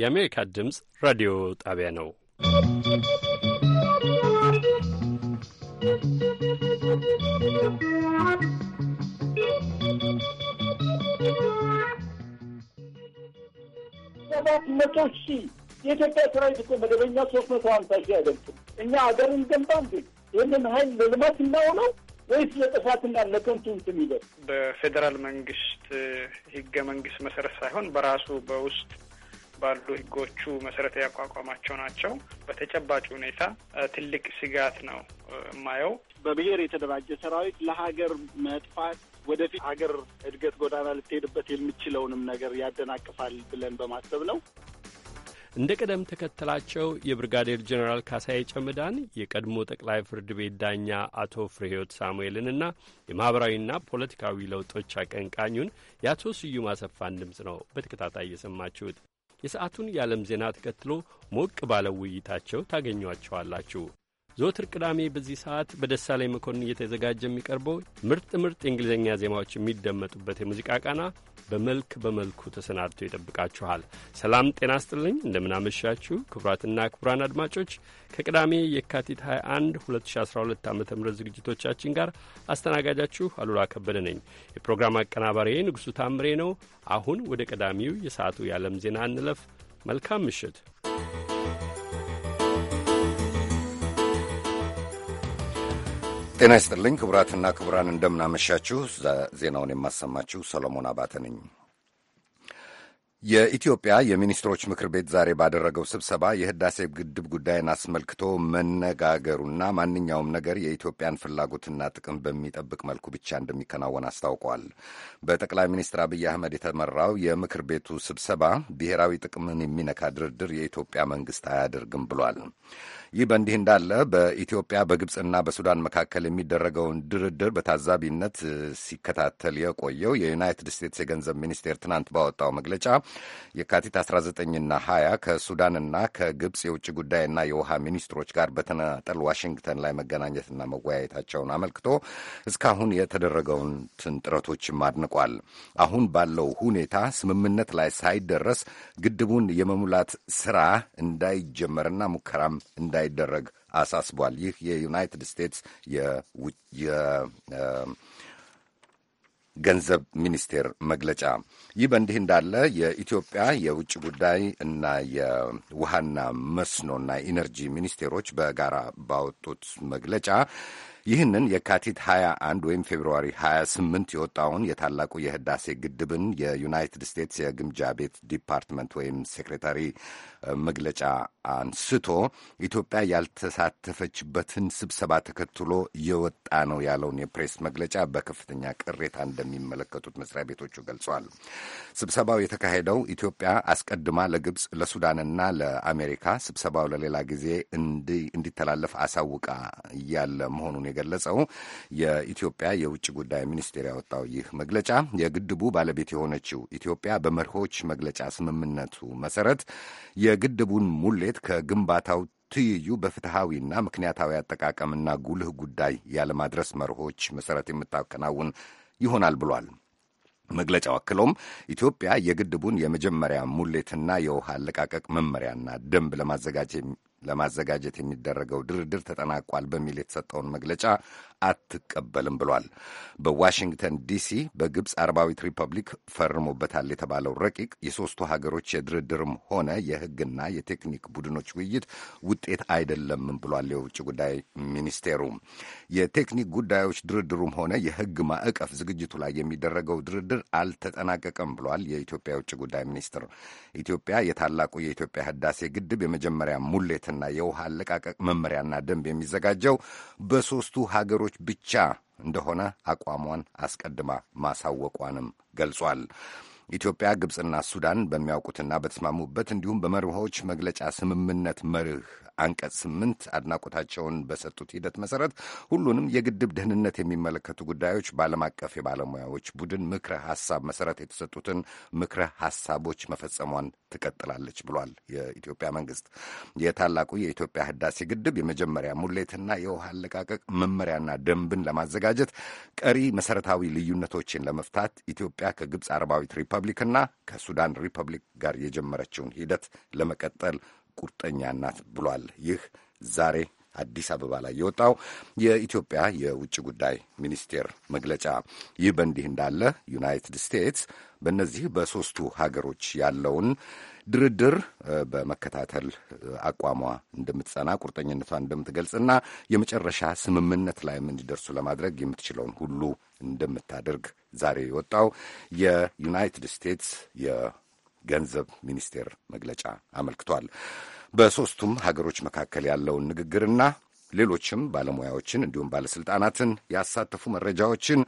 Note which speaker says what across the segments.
Speaker 1: የአሜሪካ ድምፅ ራዲዮ ጣቢያ ነው።
Speaker 2: ሰባት መቶ ሺህ የኢትዮጵያ ሰራዊት እኮ መደበኛ ሶስት መቶ ሀምሳ ሺህ አይደለም። እኛ ሀገር እንገንባ እንዴ? ይህንን ሀይል ለልማት እናውለው ወይስ ለጥፋትና ለከንቱ እንትን ይበል?
Speaker 3: በፌዴራል መንግስት ህገ መንግስት መሰረት ሳይሆን በራሱ በውስጥ ባሉ ህጎቹ መሰረት ያቋቋማቸው ናቸው። በተጨባጭ ሁኔታ ትልቅ ስጋት ነው የማየው። በብሔር የተደራጀ ሰራዊት ለሀገር መጥፋት
Speaker 2: ወደፊት ሀገር እድገት ጎዳና ልትሄድበት የምችለውንም ነገር ያደናቅፋል ብለን በማሰብ
Speaker 4: ነው።
Speaker 1: እንደ ቅደም ተከተላቸው የብርጋዴር ጀኔራል ካሳይ ጨምዳን፣ የቀድሞ ጠቅላይ ፍርድ ቤት ዳኛ አቶ ፍሬህይወት ሳሙኤልንና የማኅበራዊና ፖለቲካዊ ለውጦች አቀንቃኙን የአቶ ስዩም አሰፋን ድምፅ ነው በተከታታይ የሰማችሁት። የሰዓቱን የዓለም ዜና ተከትሎ ሞቅ ባለው ውይይታቸው ታገኟቸዋላችሁ። ዞትር ቅዳሜ በዚህ ሰዓት ላይ መኮንን እየተዘጋጀ የሚቀርበው ምርጥ ምርጥ የእንግሊዝኛ ዜማዎች የሚደመጡበት የሙዚቃ ቃና በመልክ በመልኩ ተሰናድቶ ይጠብቃችኋል። ሰላም ጤና ስጥልኝ። እንደምናመሻችሁ ክቡራትና ክቡራን አድማጮች ከቅዳሜ የካቲት 21 2012 ዓ ም ዝግጅቶቻችን ጋር አስተናጋጃችሁ አሉላ ከበደ ነኝ። የፕሮግራም አቀናባሪ ንጉሡ ታምሬ ነው። አሁን ወደ ቀዳሚው የሰዓቱ የዓለም ዜና እንለፍ። መልካም ምሽት።
Speaker 5: ጤና ይስጥልኝ ክቡራትና ክቡራን፣ እንደምናመሻችሁ። ዜናውን የማሰማችሁ ሰሎሞን አባተ ነኝ። የኢትዮጵያ የሚኒስትሮች ምክር ቤት ዛሬ ባደረገው ስብሰባ የህዳሴ ግድብ ጉዳይን አስመልክቶ መነጋገሩና ማንኛውም ነገር የኢትዮጵያን ፍላጎትና ጥቅም በሚጠብቅ መልኩ ብቻ እንደሚከናወን አስታውቋል። በጠቅላይ ሚኒስትር አብይ አህመድ የተመራው የምክር ቤቱ ስብሰባ ብሔራዊ ጥቅምን የሚነካ ድርድር የኢትዮጵያ መንግስት አያደርግም ብሏል። ይህ በእንዲህ እንዳለ በኢትዮጵያ በግብፅና በሱዳን መካከል የሚደረገውን ድርድር በታዛቢነት ሲከታተል የቆየው የዩናይትድ ስቴትስ የገንዘብ ሚኒስቴር ትናንት ባወጣው መግለጫ የካቲት 19ና 20 ከሱዳንና ከግብፅ የውጭ ጉዳይና የውሃ ሚኒስትሮች ጋር በተናጠል ዋሽንግተን ላይ መገናኘትና መወያየታቸውን አመልክቶ እስካሁን የተደረገውን ጥረቶችም አድንቋል። አሁን ባለው ሁኔታ ስምምነት ላይ ሳይደረስ ግድቡን የመሙላት ስራ እንዳይጀመርና ሙከራም እንዳ እንዳይደረግ አሳስቧል። ይህ የዩናይትድ ስቴትስ ገንዘብ ሚኒስቴር መግለጫ። ይህ በእንዲህ እንዳለ የኢትዮጵያ የውጭ ጉዳይ እና የውሃና መስኖና ኢነርጂ ሚኒስቴሮች በጋራ ባወጡት መግለጫ ይህንን የካቲት 21 ወይም ፌብርዋሪ 28 የወጣውን የታላቁ የህዳሴ ግድብን የዩናይትድ ስቴትስ የግምጃ ቤት ዲፓርትመንት ወይም ሴክሬታሪ መግለጫ አንስቶ ኢትዮጵያ ያልተሳተፈችበትን ስብሰባ ተከትሎ የወጣ ነው ያለውን የፕሬስ መግለጫ በከፍተኛ ቅሬታ እንደሚመለከቱት መስሪያ ቤቶቹ ገልጸዋል። ስብሰባው የተካሄደው ኢትዮጵያ አስቀድማ ለግብፅ፣ ለሱዳንና ለአሜሪካ ስብሰባው ለሌላ ጊዜ እንዲተላለፍ አሳውቃ እያለ መሆኑን የገለጸው የኢትዮጵያ የውጭ ጉዳይ ሚኒስቴር ያወጣው ይህ መግለጫ የግድቡ ባለቤት የሆነችው ኢትዮጵያ በመርሆች መግለጫ ስምምነቱ መሰረት የግድቡን ሙሌት ከግንባታው ትይዩ በፍትሐዊና ምክንያታዊ አጠቃቀምና ጉልህ ጉዳይ ያለማድረስ መርሆች መሠረት የምታከናውን ይሆናል ብሏል። መግለጫው አክሎም ኢትዮጵያ የግድቡን የመጀመሪያ ሙሌትና የውሃ አለቃቀቅ መመሪያና ደንብ ለማዘጋጀት የሚደረገው ድርድር ተጠናቋል በሚል የተሰጠውን መግለጫ አትቀበልም ብሏል። በዋሽንግተን ዲሲ በግብፅ አረባዊት ሪፐብሊክ ፈርሞበታል የተባለው ረቂቅ የሦስቱ ሀገሮች የድርድርም ሆነ የሕግና የቴክኒክ ቡድኖች ውይይት ውጤት አይደለምም ብሏል። የውጭ ጉዳይ ሚኒስቴሩ የቴክኒክ ጉዳዮች ድርድሩም ሆነ የሕግ ማዕቀፍ ዝግጅቱ ላይ የሚደረገው ድርድር አልተጠናቀቀም ብሏል። የኢትዮጵያ የውጭ ጉዳይ ሚኒስትር ኢትዮጵያ የታላቁ የኢትዮጵያ ህዳሴ ግድብ የመጀመሪያ ሙሌትና የውሃ አለቃቀቅ መመሪያና ደንብ የሚዘጋጀው በሦስቱ ሀገሮች ሀገሮች ብቻ እንደሆነ አቋሟን አስቀድማ ማሳወቋንም ገልጿል። ኢትዮጵያ፣ ግብፅና ሱዳን በሚያውቁትና በተስማሙበት እንዲሁም በመርሆዎች መግለጫ ስምምነት መርህ አንቀጽ ስምንት አድናቆታቸውን በሰጡት ሂደት መሰረት ሁሉንም የግድብ ደህንነት የሚመለከቱ ጉዳዮች በዓለም አቀፍ የባለሙያዎች ቡድን ምክረ ሀሳብ መሰረት የተሰጡትን ምክረ ሀሳቦች መፈጸሟን ትቀጥላለች ብሏል። የኢትዮጵያ መንግስት የታላቁ የኢትዮጵያ ህዳሴ ግድብ የመጀመሪያ ሙሌትና የውሃ አለቃቀቅ መመሪያና ደንብን ለማዘጋጀት ቀሪ መሰረታዊ ልዩነቶችን ለመፍታት ኢትዮጵያ ከግብፅ አረባዊት ሪፐብሊክና ከሱዳን ሪፐብሊክ ጋር የጀመረችውን ሂደት ለመቀጠል ቁርጠኛ ናት ብሏል። ይህ ዛሬ አዲስ አበባ ላይ የወጣው የኢትዮጵያ የውጭ ጉዳይ ሚኒስቴር መግለጫ። ይህ በእንዲህ እንዳለ ዩናይትድ ስቴትስ በእነዚህ በሦስቱ ሀገሮች ያለውን ድርድር በመከታተል አቋሟ እንደምትጸና ቁርጠኝነቷ እንደምትገልጽና የመጨረሻ ስምምነት ላይም እንዲደርሱ ለማድረግ የምትችለውን ሁሉ እንደምታደርግ ዛሬ የወጣው የዩናይትድ ስቴትስ ገንዘብ ሚኒስቴር መግለጫ አመልክቷል። በሦስቱም ሀገሮች መካከል ያለውን ንግግርና ሌሎችም ባለሙያዎችን እንዲሁም ባለስልጣናትን ያሳተፉ መረጃዎችን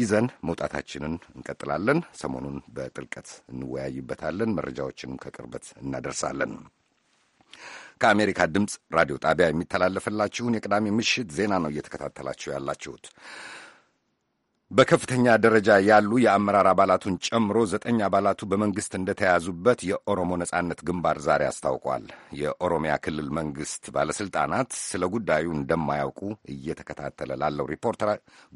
Speaker 5: ይዘን መውጣታችንን እንቀጥላለን። ሰሞኑን በጥልቀት እንወያይበታለን። መረጃዎችንም ከቅርበት እናደርሳለን። ከአሜሪካ ድምፅ ራዲዮ ጣቢያ የሚተላለፍላችሁን የቅዳሜ ምሽት ዜና ነው እየተከታተላችሁ ያላችሁት። በከፍተኛ ደረጃ ያሉ የአመራር አባላቱን ጨምሮ ዘጠኝ አባላቱ በመንግሥት እንደተያዙበት የኦሮሞ ነጻነት ግንባር ዛሬ አስታውቋል። የኦሮሚያ ክልል መንግሥት ባለሥልጣናት ስለ ጉዳዩ እንደማያውቁ እየተከታተለ ላለው ሪፖርተራ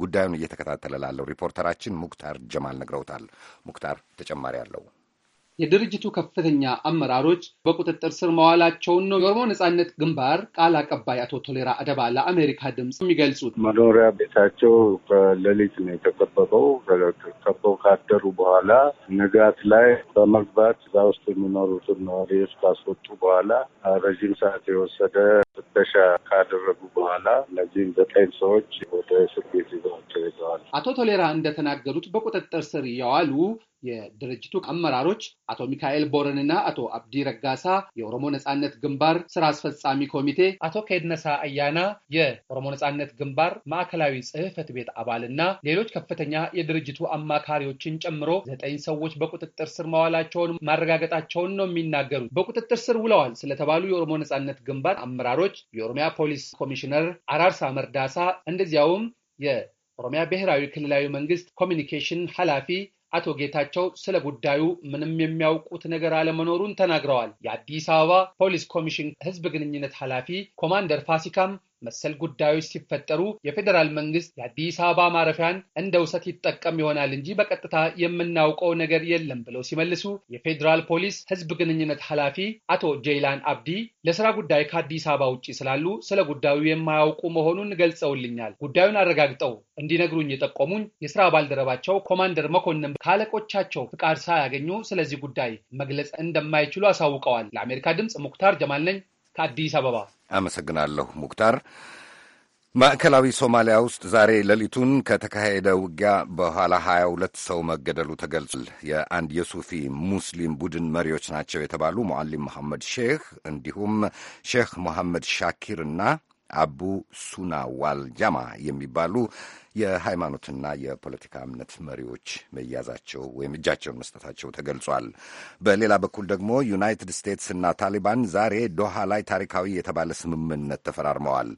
Speaker 5: ጉዳዩን እየተከታተለ ላለው ሪፖርተራችን ሙክታር ጀማል ነግረውታል። ሙክታር ተጨማሪ አለው።
Speaker 6: የድርጅቱ ከፍተኛ አመራሮች በቁጥጥር ስር መዋላቸውን ነው የኦሮሞ ነጻነት ግንባር ቃል አቀባይ አቶ ቶሌራ አደባ ለአሜሪካ ድምፅ የሚገልጹት። መኖሪያ ቤታቸው በሌሊት ነው የተከበበው።
Speaker 2: ከበው ካደሩ በኋላ ንጋት ላይ በመግባት እዛ ውስጥ የሚኖሩትን ነዋሪዎች ካስወጡ በኋላ ረዥም ሰዓት የወሰደ ፍተሻ ካደረጉ በኋላ እነዚህም ዘጠኝ ሰዎች ወደ እስር ቤት ይዘዋቸው ሄደዋል።
Speaker 6: አቶ ቶሌራ እንደተናገሩት በቁጥጥር ስር እያዋሉ የድርጅቱ አመራሮች አቶ ሚካኤል ቦረንና አቶ አብዲ ረጋሳ የኦሮሞ ነጻነት ግንባር ስራ አስፈጻሚ ኮሚቴ፣ አቶ ከድነሳ አያና የኦሮሞ ነጻነት ግንባር ማዕከላዊ ጽህፈት ቤት አባልና ሌሎች ከፍተኛ የድርጅቱ አማካሪዎችን ጨምሮ ዘጠኝ ሰዎች በቁጥጥር ስር መዋላቸውን ማረጋገጣቸውን ነው የሚናገሩት። በቁጥጥር ስር ውለዋል ስለተባሉ የኦሮሞ ነጻነት ግንባር አመራሮች የኦሮሚያ ፖሊስ ኮሚሽነር አራርሳ መርዳሳ እንደዚያውም የኦሮሚያ ብሔራዊ ክልላዊ መንግስት ኮሚኒኬሽን ኃላፊ አቶ ጌታቸው ስለ ጉዳዩ ምንም የሚያውቁት ነገር አለመኖሩን ተናግረዋል። የአዲስ አበባ ፖሊስ ኮሚሽን ህዝብ ግንኙነት ኃላፊ ኮማንደር ፋሲካም መሰል ጉዳዮች ሲፈጠሩ የፌዴራል መንግስት የአዲስ አበባ ማረፊያን እንደ ውሰት ይጠቀም ይሆናል እንጂ በቀጥታ የምናውቀው ነገር የለም ብለው ሲመልሱ የፌዴራል ፖሊስ ህዝብ ግንኙነት ኃላፊ አቶ ጄይላን አብዲ ለስራ ጉዳይ ከአዲስ አበባ ውጭ ስላሉ ስለ ጉዳዩ የማያውቁ መሆኑን ገልጸውልኛል። ጉዳዩን አረጋግጠው እንዲነግሩኝ የጠቆሙኝ የስራ ባልደረባቸው ኮማንደር መኮንን ከአለቆቻቸው ፍቃድ ሳያገኙ ስለዚህ ጉዳይ መግለጽ እንደማይችሉ አሳውቀዋል። ለአሜሪካ ድምፅ ሙክታር ጀማል ነኝ ከአዲስ አበባ
Speaker 5: አመሰግናለሁ ሙክታር። ማዕከላዊ ሶማሊያ ውስጥ ዛሬ ሌሊቱን ከተካሄደ ውጊያ በኋላ 22 ሰው መገደሉ ተገልጿል። የአንድ የሱፊ ሙስሊም ቡድን መሪዎች ናቸው የተባሉ ሙዓሊም መሐመድ ሼህ እንዲሁም ሼህ መሐመድ ሻኪር እና አቡ ሱና ዋልጃማ የሚባሉ የሃይማኖትና የፖለቲካ እምነት መሪዎች መያዛቸው ወይም እጃቸውን መስጠታቸው ተገልጿል። በሌላ በኩል ደግሞ ዩናይትድ እና ታሊባን ዛሬ ዶሃ ላይ ታሪካዊ የተባለ ስምምነት ተፈራርመዋል።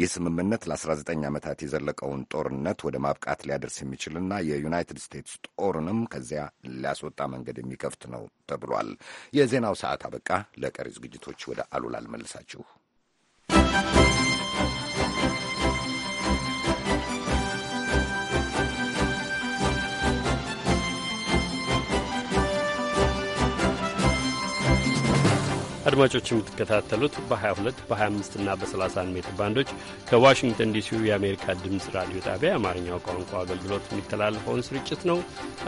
Speaker 5: ይህ ስምምነት ለ19 ዓመታት የዘለቀውን ጦርነት ወደ ማብቃት ሊያደርስ የሚችልና የዩናይትድ ስቴትስ ጦርንም ከዚያ ሊያስወጣ መንገድ የሚከፍት ነው ተብሏል። የዜናው ሰዓት አበቃ። ለቀሪ ዝግጅቶች ወደ አሉላ አልመልሳችሁ።
Speaker 1: አድማጮች የምትከታተሉት በ22 በ25 እና በ31 ሜትር ባንዶች ከዋሽንግተን ዲሲው የአሜሪካ ድምፅ ራዲዮ ጣቢያ የአማርኛው ቋንቋ አገልግሎት የሚተላለፈውን ስርጭት ነው።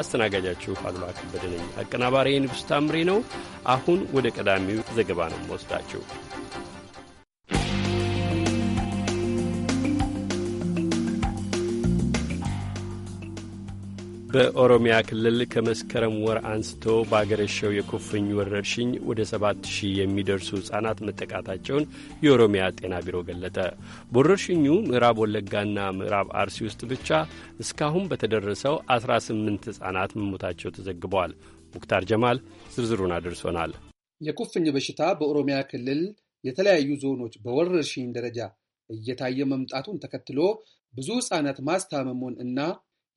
Speaker 1: አስተናጋጃችሁ አሉላ ከበደ ነኝ። አቀናባሪ ንጉሥ ታምሬ ነው። አሁን ወደ ቀዳሚው ዘገባ ነው መወስዳችሁ በኦሮሚያ ክልል ከመስከረም ወር አንስቶ በአገረሸው የኩፍኝ ወረርሽኝ ወደ ሰባት ሺህ የሚደርሱ ሕጻናት መጠቃታቸውን የኦሮሚያ ጤና ቢሮ ገለጠ። በወረርሽኙ ምዕራብ ወለጋና ምዕራብ አርሲ ውስጥ ብቻ እስካሁን በተደረሰው 18 ሕጻናት መሞታቸው ተዘግበዋል። ሙክታር ጀማል ዝርዝሩን አድርሶናል።
Speaker 6: የኩፍኝ በሽታ በኦሮሚያ ክልል የተለያዩ ዞኖች በወረርሽኝ ደረጃ እየታየ መምጣቱን ተከትሎ ብዙ ሕጻናት ማስታመሙን እና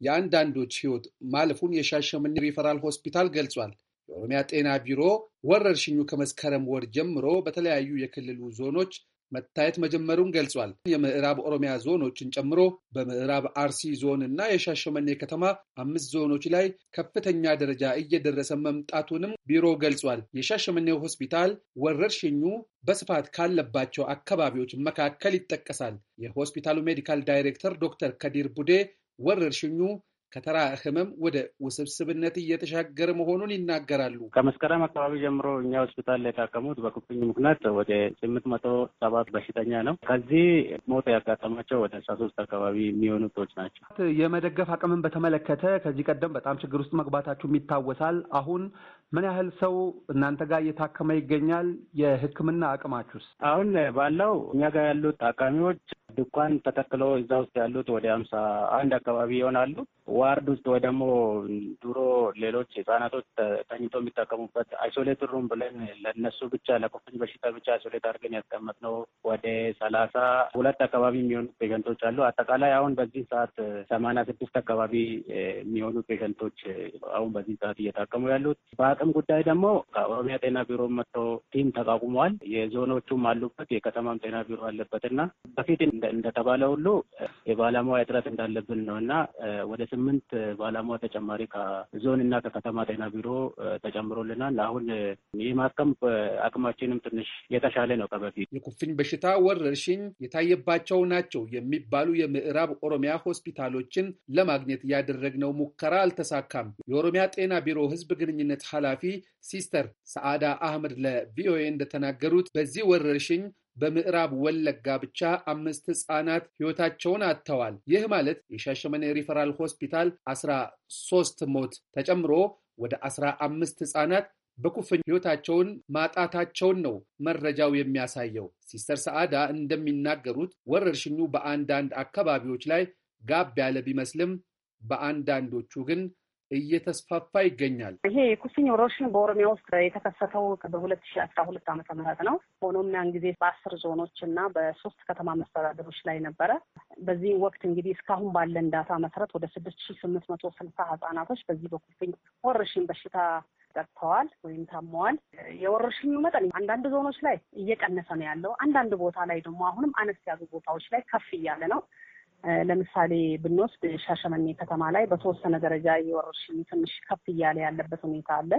Speaker 6: የአንዳንዶች ሕይወት ማለፉን የሻሸመኔ ሪፈራል ሆስፒታል ገልጿል። የኦሮሚያ ጤና ቢሮ ወረርሽኙ ከመስከረም ወር ጀምሮ በተለያዩ የክልሉ ዞኖች መታየት መጀመሩን ገልጿል። የምዕራብ ኦሮሚያ ዞኖችን ጨምሮ በምዕራብ አርሲ ዞን እና የሻሸመኔ ከተማ አምስት ዞኖች ላይ ከፍተኛ ደረጃ እየደረሰ መምጣቱንም ቢሮ ገልጿል። የሻሸመኔ ሆስፒታል ወረርሽኙ በስፋት ካለባቸው አካባቢዎች መካከል ይጠቀሳል። የሆስፒታሉ ሜዲካል ዳይሬክተር ዶክተር ከዲር ቡዴ ወረርሽኙ ከተራ ህመም ወደ ውስብስብነት እየተሻገረ መሆኑን ይናገራሉ። ከመስከረም አካባቢ ጀምሮ እኛ ሆስፒታል ላይ የታከሙት በኩፍኝ ምክንያት ወደ ስምንት መቶ ሰባት በሽተኛ ነው። ከዚህ ሞት
Speaker 7: ያጋጠማቸው ወደ አስራ ሶስት አካባቢ የሚሆኑ ቶች ናቸው።
Speaker 6: የመደገፍ አቅምን በተመለከተ ከዚህ ቀደም በጣም ችግር ውስጥ መግባታችሁም ይታወሳል። አሁን ምን ያህል ሰው እናንተ ጋር እየታከመ ይገኛል? የህክምና አቅማችሁስ?
Speaker 7: አሁን ባለው እኛ ጋር ያሉት ታካሚዎች ድንኳን ተተክሎ እዛ ውስጥ ያሉት ወደ ሀምሳ አንድ አካባቢ ይሆናሉ። ዋርድ ውስጥ ወይ ደግሞ ድሮ ሌሎች ህጻናቶች ተኝቶ የሚጠቀሙበት አይሶሌት ሩም ብለን ለነሱ ብቻ ለኩፍኝ በሽታ ብቻ አይሶሌት አድርገን ያስቀመጥነው ወደ ሰላሳ ሁለት አካባቢ የሚሆኑ ፔሸንቶች አሉ። አጠቃላይ አሁን በዚህ ሰዓት ሰማንያ ስድስት አካባቢ የሚሆኑ ፔሸንቶች አሁን በዚህ ሰዓት እየታከሙ ያሉት። በአቅም ጉዳይ ደግሞ ከኦሮሚያ ጤና ቢሮ መጥቶ
Speaker 8: ቲም ተቋቁመዋል። የዞኖቹም አሉበት፣ የከተማም ጤና ቢሮ አለበት እና በፊት እንደተባለ ሁሉ የባለሙያ እጥረት እንዳለብን ነው እና ወደ ስምንት ባለሙያ
Speaker 6: ተጨማሪ ከዞን እና ከከተማ ጤና ቢሮ ተጨምሮልናል። አሁን ማከም አቅማችንም ትንሽ የተሻለ ነው ከበፊት። የኩፍኝ በሽታ ወረርሽኝ የታየባቸው ናቸው የሚባሉ የምዕራብ ኦሮሚያ ሆስፒታሎችን ለማግኘት ያደረግነው ሙከራ አልተሳካም። የኦሮሚያ ጤና ቢሮ ህዝብ ግንኙነት ኃላፊ ሲስተር ሰዓዳ አህመድ ለቪኦኤ እንደተናገሩት በዚህ ወረርሽኝ በምዕራብ ወለጋ ብቻ አምስት ህጻናት ህይወታቸውን አጥተዋል። ይህ ማለት የሻሸመኔ ሪፈራል ሆስፒታል 13 ሞት ተጨምሮ ወደ 15 ህጻናት በኩፍኝ ህይወታቸውን ማጣታቸውን ነው መረጃው የሚያሳየው። ሲስተር ሰዓዳ እንደሚናገሩት ወረርሽኙ በአንዳንድ አካባቢዎች ላይ ጋብ ያለ ቢመስልም በአንዳንዶቹ ግን
Speaker 8: እየተስፋፋ ይገኛል። ይሄ የኩስኝ ወረርሽኝ በኦሮሚያ ውስጥ የተከሰተው በሁለት ሺ አስራ ሁለት ዓመተ ምህረት ነው። ሆኖም ያን ጊዜ በአስር ዞኖች እና በሶስት ከተማ መስተዳደሮች ላይ ነበረ። በዚህ ወቅት እንግዲህ እስካሁን ባለን ዳታ መሰረት ወደ ስድስት ሺ ስምንት መቶ ስልሳ ህጻናቶች በዚህ በኩስኝ ወረርሽኝ በሽታ ጠጥተዋል ወይም ታመዋል። የወረርሽኙ መጠን አንዳንድ ዞኖች ላይ እየቀነሰ ነው ያለው። አንዳንድ ቦታ ላይ ደግሞ አሁንም አነስ ያሉ ቦታዎች ላይ ከፍ እያለ ነው። ለምሳሌ ብንወስድ ሻሸመኔ ከተማ ላይ በተወሰነ ደረጃ የወረርሽኝ ትንሽ ከፍ እያለ ያለበት ሁኔታ አለ።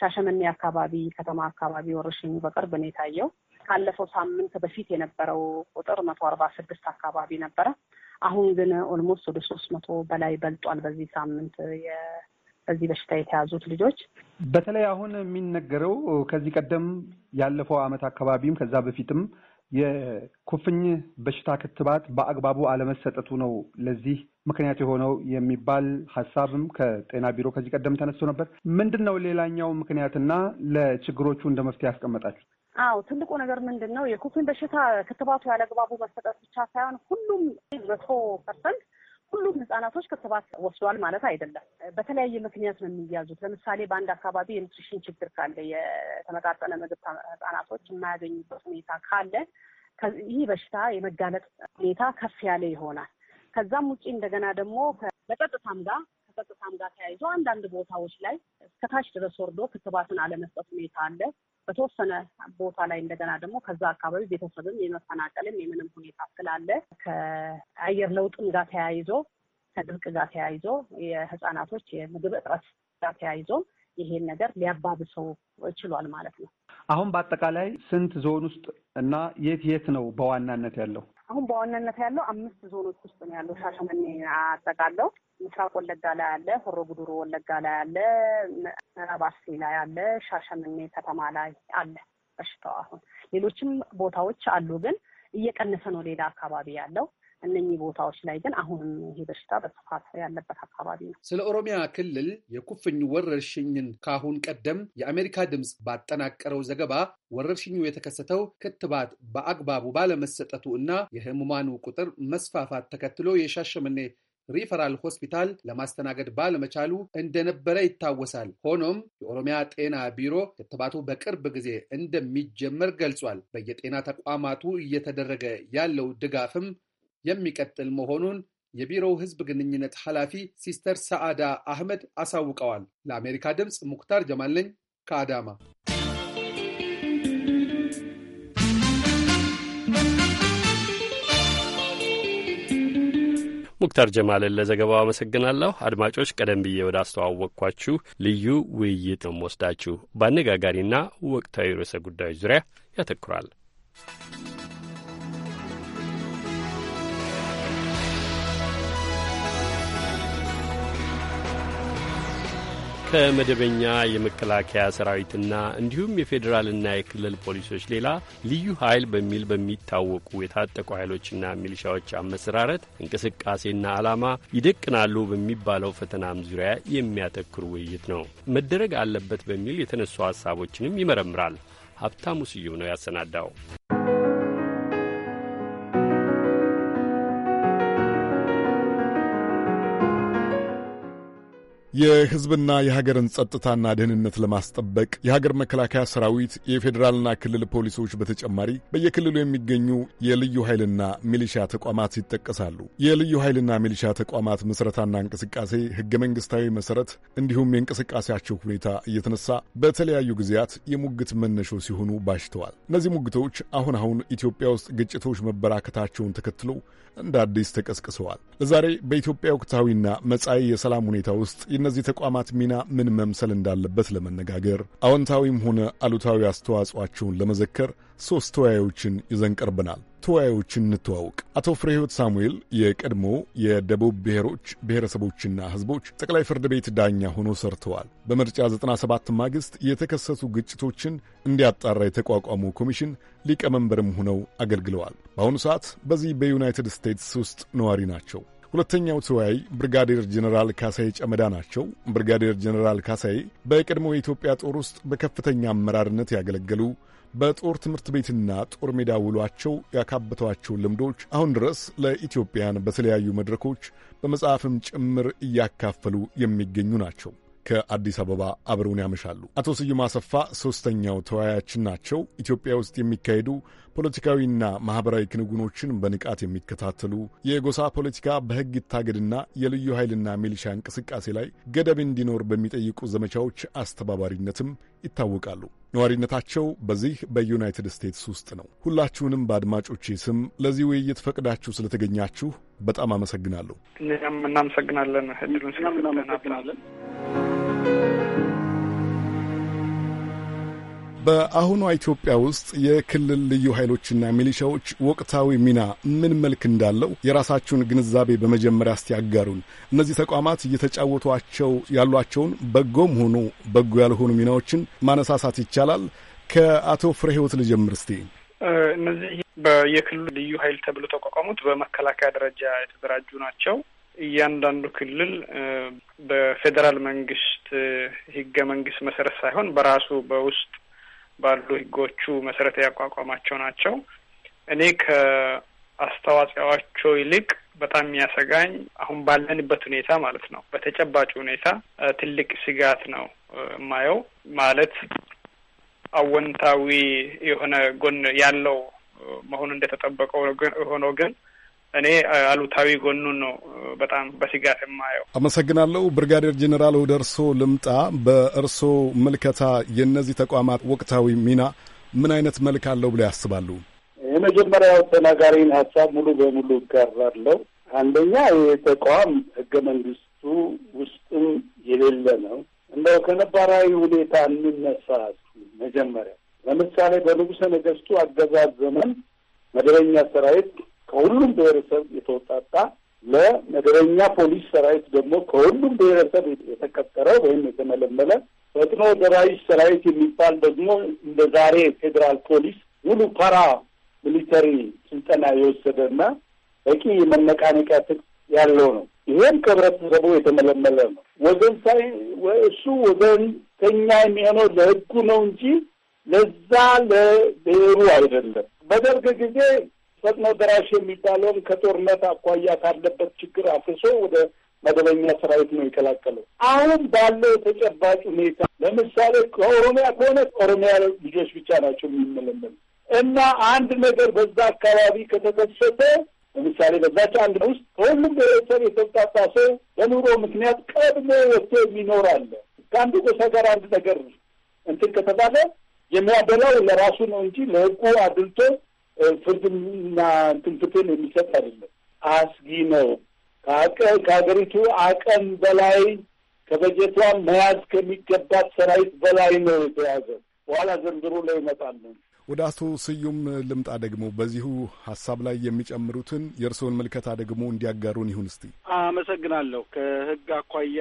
Speaker 8: ሻሸመኔ አካባቢ ከተማ አካባቢ ወረርሽኙ በቅርብ ነው የታየው። ካለፈው ሳምንት በፊት የነበረው ቁጥር መቶ አርባ ስድስት አካባቢ ነበረ። አሁን ግን ኦልሞስት ወደ ሶስት መቶ በላይ በልጧል። በዚህ ሳምንት በዚህ በሽታ የተያዙት ልጆች በተለይ አሁን የሚነገረው ከዚህ ቀደም
Speaker 6: ያለፈው ዓመት አካባቢም ከዛ በፊትም የኩፍኝ በሽታ ክትባት በአግባቡ አለመሰጠቱ ነው ለዚህ ምክንያት የሆነው የሚባል ሀሳብም ከጤና ቢሮ ከዚህ ቀደም ተነስቶ ነበር። ምንድን ነው ሌላኛው ምክንያትና ለችግሮቹ እንደ መፍትሄ ያስቀመጣችሁ?
Speaker 8: አዎ ትልቁ ነገር ምንድን ነው የኩፍኝ በሽታ ክትባቱ ያለአግባቡ መሰጠት ብቻ ሳይሆን ሁሉም መቶ ፐርሰንት ሁሉም ህጻናቶች ክትባት ወስደዋል ማለት አይደለም። በተለያየ ምክንያት ነው የሚያዙት። ለምሳሌ በአንድ አካባቢ የኑትሪሽን ችግር ካለ፣ የተመጣጠነ ምግብ ህጻናቶች የማያገኙበት ሁኔታ ካለ ይህ በሽታ የመጋለጥ ሁኔታ ከፍ ያለ ይሆናል። ከዛም ውጪ እንደገና ደግሞ ከመጠጥታም ጋር ከጸጥታም ጋር ተያይዞ አንዳንድ ቦታዎች ላይ እስከታች ድረስ ወርዶ ክትባትን አለመስጠት ሁኔታ አለ። በተወሰነ ቦታ ላይ እንደገና ደግሞ ከዛ አካባቢ ቤተሰብም የመፈናቀልም የምንም ሁኔታ ስላለ ከአየር ለውጥም ጋር ተያይዞ ከድርቅ ጋር ተያይዞ የህፃናቶች የምግብ እጥረት ጋር ተያይዞ ይሄን ነገር ሊያባብሰው ችሏል ማለት ነው።
Speaker 6: አሁን በአጠቃላይ ስንት ዞን ውስጥ እና የት የት ነው በዋናነት ያለው?
Speaker 8: አሁን በዋናነት ያለው አምስት ዞኖች ውስጥ ነው ያለው። ሻሸመኔ አጠቃለው ምስራቅ ወለጋ ላይ አለ፣ ሆሮ ጉዱሩ ወለጋ ላይ አለ፣ ምዕራብ አርሲ ላይ አለ፣ ሻሸመኔ ከተማ ላይ አለ በሽታው። አሁን ሌሎችም ቦታዎች አሉ፣ ግን እየቀነሰ ነው ሌላ አካባቢ ያለው እነኚህ ቦታዎች ላይ ግን አሁንም ይሄ በሽታ በስፋት ያለበት አካባቢ ነው።
Speaker 6: ስለ ኦሮሚያ ክልል የኩፍኝ ወረርሽኝን ከአሁን ቀደም የአሜሪካ ድምፅ ባጠናቀረው ዘገባ ወረርሽኙ የተከሰተው ክትባት በአግባቡ ባለመሰጠቱ እና የህሙማኑ ቁጥር መስፋፋት ተከትሎ የሻሸመኔ ሪፈራል ሆስፒታል ለማስተናገድ ባለመቻሉ እንደነበረ ይታወሳል። ሆኖም የኦሮሚያ ጤና ቢሮ ክትባቱ በቅርብ ጊዜ እንደሚጀመር ገልጿል። በየጤና ተቋማቱ እየተደረገ ያለው ድጋፍም የሚቀጥል መሆኑን የቢሮው ሕዝብ ግንኙነት ኃላፊ ሲስተር ሰዓዳ አህመድ አሳውቀዋል። ለአሜሪካ ድምፅ ሙክታር ጀማል ነኝ ከአዳማ
Speaker 1: ሙክታር ጀማልን ለዘገባው አመሰግናለሁ። አድማጮች፣ ቀደም ብዬ ወደ አስተዋወቅኳችሁ ልዩ ውይይት ነው ወስዳችሁ በአነጋጋሪና ወቅታዊ ርዕሰ ጉዳዮች ዙሪያ ያተኩራል። ከመደበኛ የመከላከያ ሰራዊትና እንዲሁም የፌዴራልና የክልል ፖሊሶች ሌላ ልዩ ኃይል በሚል በሚታወቁ የታጠቁ ኃይሎችና ሚሊሻዎች አመሰራረት እንቅስቃሴና ዓላማ ይደቅናሉ በሚባለው ፈተናም ዙሪያ የሚያተኩር ውይይት ነው። መደረግ አለበት በሚል የተነሱ ሀሳቦችንም ይመረምራል። ሀብታሙ ስዩም ነው ያሰናዳው።
Speaker 9: የህዝብና የሀገርን ጸጥታና ደህንነት ለማስጠበቅ የሀገር መከላከያ ሰራዊት፣ የፌዴራልና ክልል ፖሊሶች በተጨማሪ በየክልሉ የሚገኙ የልዩ ኃይልና ሚሊሻ ተቋማት ይጠቀሳሉ። የልዩ ኃይልና ሚሊሻ ተቋማት ምስረታና እንቅስቃሴ ህገ መንግስታዊ መሠረት እንዲሁም የእንቅስቃሴያቸው ሁኔታ እየተነሳ በተለያዩ ጊዜያት የሙግት መነሾ ሲሆኑ ባሽተዋል። እነዚህ ሙግቶች አሁን አሁን ኢትዮጵያ ውስጥ ግጭቶች መበራከታቸውን ተከትሎ እንደ አዲስ ተቀስቅሰዋል። ለዛሬ በኢትዮጵያ ወቅታዊና መጻኢ የሰላም ሁኔታ ውስጥ የእነዚህ ተቋማት ሚና ምን መምሰል እንዳለበት ለመነጋገር አዎንታዊም ሆነ አሉታዊ አስተዋጽኦአቸውን ለመዘከር ሦስት ተወያዮችን ይዘን ቀርበናል። ተወያዮችን እንተዋውቅ። አቶ ፍሬሕይወት ሳሙኤል የቀድሞ የደቡብ ብሔሮች ብሔረሰቦችና ሕዝቦች ጠቅላይ ፍርድ ቤት ዳኛ ሆኖ ሰርተዋል። በምርጫ 97 ማግስት የተከሰቱ ግጭቶችን እንዲያጣራ የተቋቋመው ኮሚሽን ሊቀመንበርም ሆነው አገልግለዋል። በአሁኑ ሰዓት በዚህ በዩናይትድ ስቴትስ ውስጥ ነዋሪ ናቸው። ሁለተኛው ተወያይ ብርጋዴር ጀኔራል ካሳይ ጨመዳ ናቸው። ብርጋዴር ጀኔራል ካሳይ በቀድሞ የኢትዮጵያ ጦር ውስጥ በከፍተኛ አመራርነት ያገለገሉ በጦር ትምህርት ቤትና ጦር ሜዳ ውሏቸው ያካበቷቸው ልምዶች አሁን ድረስ ለኢትዮጵያን በተለያዩ መድረኮች በመጽሐፍም ጭምር እያካፈሉ የሚገኙ ናቸው። ከአዲስ አበባ አብረውን ያመሻሉ። አቶ ስዩም አሰፋ ሦስተኛው ተወያያችን ናቸው። ኢትዮጵያ ውስጥ የሚካሄዱ ፖለቲካዊና ማኅበራዊ ክንውኖችን በንቃት የሚከታተሉ የጎሳ ፖለቲካ በሕግ ይታገድና የልዩ ኃይልና ሚሊሻ እንቅስቃሴ ላይ ገደብ እንዲኖር በሚጠይቁ ዘመቻዎች አስተባባሪነትም ይታወቃሉ። ነዋሪነታቸው በዚህ በዩናይትድ ስቴትስ ውስጥ ነው። ሁላችሁንም በአድማጮቼ ስም ለዚህ ውይይት ፈቅዳችሁ ስለተገኛችሁ በጣም አመሰግናለሁ።
Speaker 3: እናመሰግናለን። እድሉን ስለምናመሰግናለን።
Speaker 9: በአሁኗ ኢትዮጵያ ውስጥ የክልል ልዩ ኃይሎችና ሚሊሻዎች ወቅታዊ ሚና ምን መልክ እንዳለው የራሳችሁን ግንዛቤ በመጀመሪያ እስቲ ያጋሩን። እነዚህ ተቋማት እየተጫወቷቸው ያሏቸውን በጎም ሆኑ በጎ ያልሆኑ ሚናዎችን ማነሳሳት ይቻላል። ከአቶ ፍሬ ህይወት ልጀምር እስቲ።
Speaker 3: እነዚህ በየክልሉ ልዩ ኃይል ተብሎ ተቋቋሙት በመከላከያ ደረጃ የተደራጁ ናቸው። እያንዳንዱ ክልል በፌዴራል መንግስት ህገ መንግስት መሰረት ሳይሆን በራሱ በውስጥ ባሉ ህጎቹ መሰረት ያቋቋማቸው ናቸው። እኔ ከአስተዋጽኦቸው ይልቅ በጣም የሚያሰጋኝ አሁን ባለንበት ሁኔታ ማለት ነው፣ በተጨባጭ ሁኔታ ትልቅ ስጋት ነው የማየው። ማለት አወንታዊ የሆነ ጎን ያለው መሆኑ እንደተጠበቀው ሆኖ ግን እኔ አሉታዊ ጎኑን ነው በጣም በስጋት የማየው።
Speaker 9: አመሰግናለሁ። ብርጋዴር ጄኔራል ወደ እርሶ ልምጣ። በእርሶ ምልከታ የእነዚህ ተቋማት ወቅታዊ ሚና ምን አይነት መልክ አለው ብለው ያስባሉ?
Speaker 2: የመጀመሪያው ተናጋሪን ሀሳብ ሙሉ በሙሉ እጋራለሁ። አንደኛ ይህ ተቋም ህገ መንግስቱ ውስጥም የሌለ ነው። እንደው ከነባራዊ ሁኔታ እንነሳ። መጀመሪያ ለምሳሌ በንጉሰ ነገስቱ አገዛዝ ዘመን መደበኛ ሰራዊት ከሁሉም ብሔረሰብ የተወጣጣ ለመደበኛ ፖሊስ ሰራዊት ደግሞ ከሁሉም ብሔረሰብ የተቀጠረ ወይም የተመለመለ ፈጥኖ ደራሽ ሰራዊት የሚባል ደግሞ እንደ ዛሬ ፌዴራል ፖሊስ ሙሉ ፓራ ሚሊተሪ ስልጠና የወሰደና በቂ መነቃነቂያ ትጥቅ ያለው ነው። ይሄም ከህብረተሰቡ የተመለመለ ነው። ወገን ሳይ እሱ ወገንተኛ የሚሆነው ለህጉ ነው እንጂ ለዛ ለብሔሩ አይደለም። በደርግ ጊዜ ፈጥኖ ደራሽ የሚባለውን ከጦርነት አኳያ ካለበት ችግር አፍርሶ ወደ መደበኛ ሰራዊት ነው የቀላቀለው። አሁን ባለው ተጨባጭ ሁኔታ ለምሳሌ ከኦሮሚያ ከሆነ ኦሮሚያ ልጆች ብቻ ናቸው የሚመለመሉ እና አንድ ነገር በዛ አካባቢ ከተከሰተ ለምሳሌ በዛች አንድ ውስጥ ከሁሉም ብሔረሰብ የተውጣጣ ሰው በኑሮ ምክንያት ቀድሞ ወጥቶ የሚኖር አለ። ከአንዱ ጎሳ ጋር አንድ ነገር እንትን ከተባለ የሚያበላው ለራሱ ነው እንጂ ለህጉ አድልቶ ፍርድና እንትን የሚሰጥ አይደለም። አስጊ ነው። ከሀገሪቱ አቅም በላይ ከበጀቷ መያዝ ከሚገባት ሰራዊት በላይ ነው የተያዘ። በኋላ ዘንድሮ ላይ ይመጣል።
Speaker 9: ወደ አቶ ስዩም ልምጣ። ደግሞ በዚሁ ሀሳብ ላይ የሚጨምሩትን የእርስዎን ምልከታ ደግሞ እንዲያጋሩን ይሁን እስቲ።
Speaker 2: አመሰግናለሁ። ከህግ አኳያ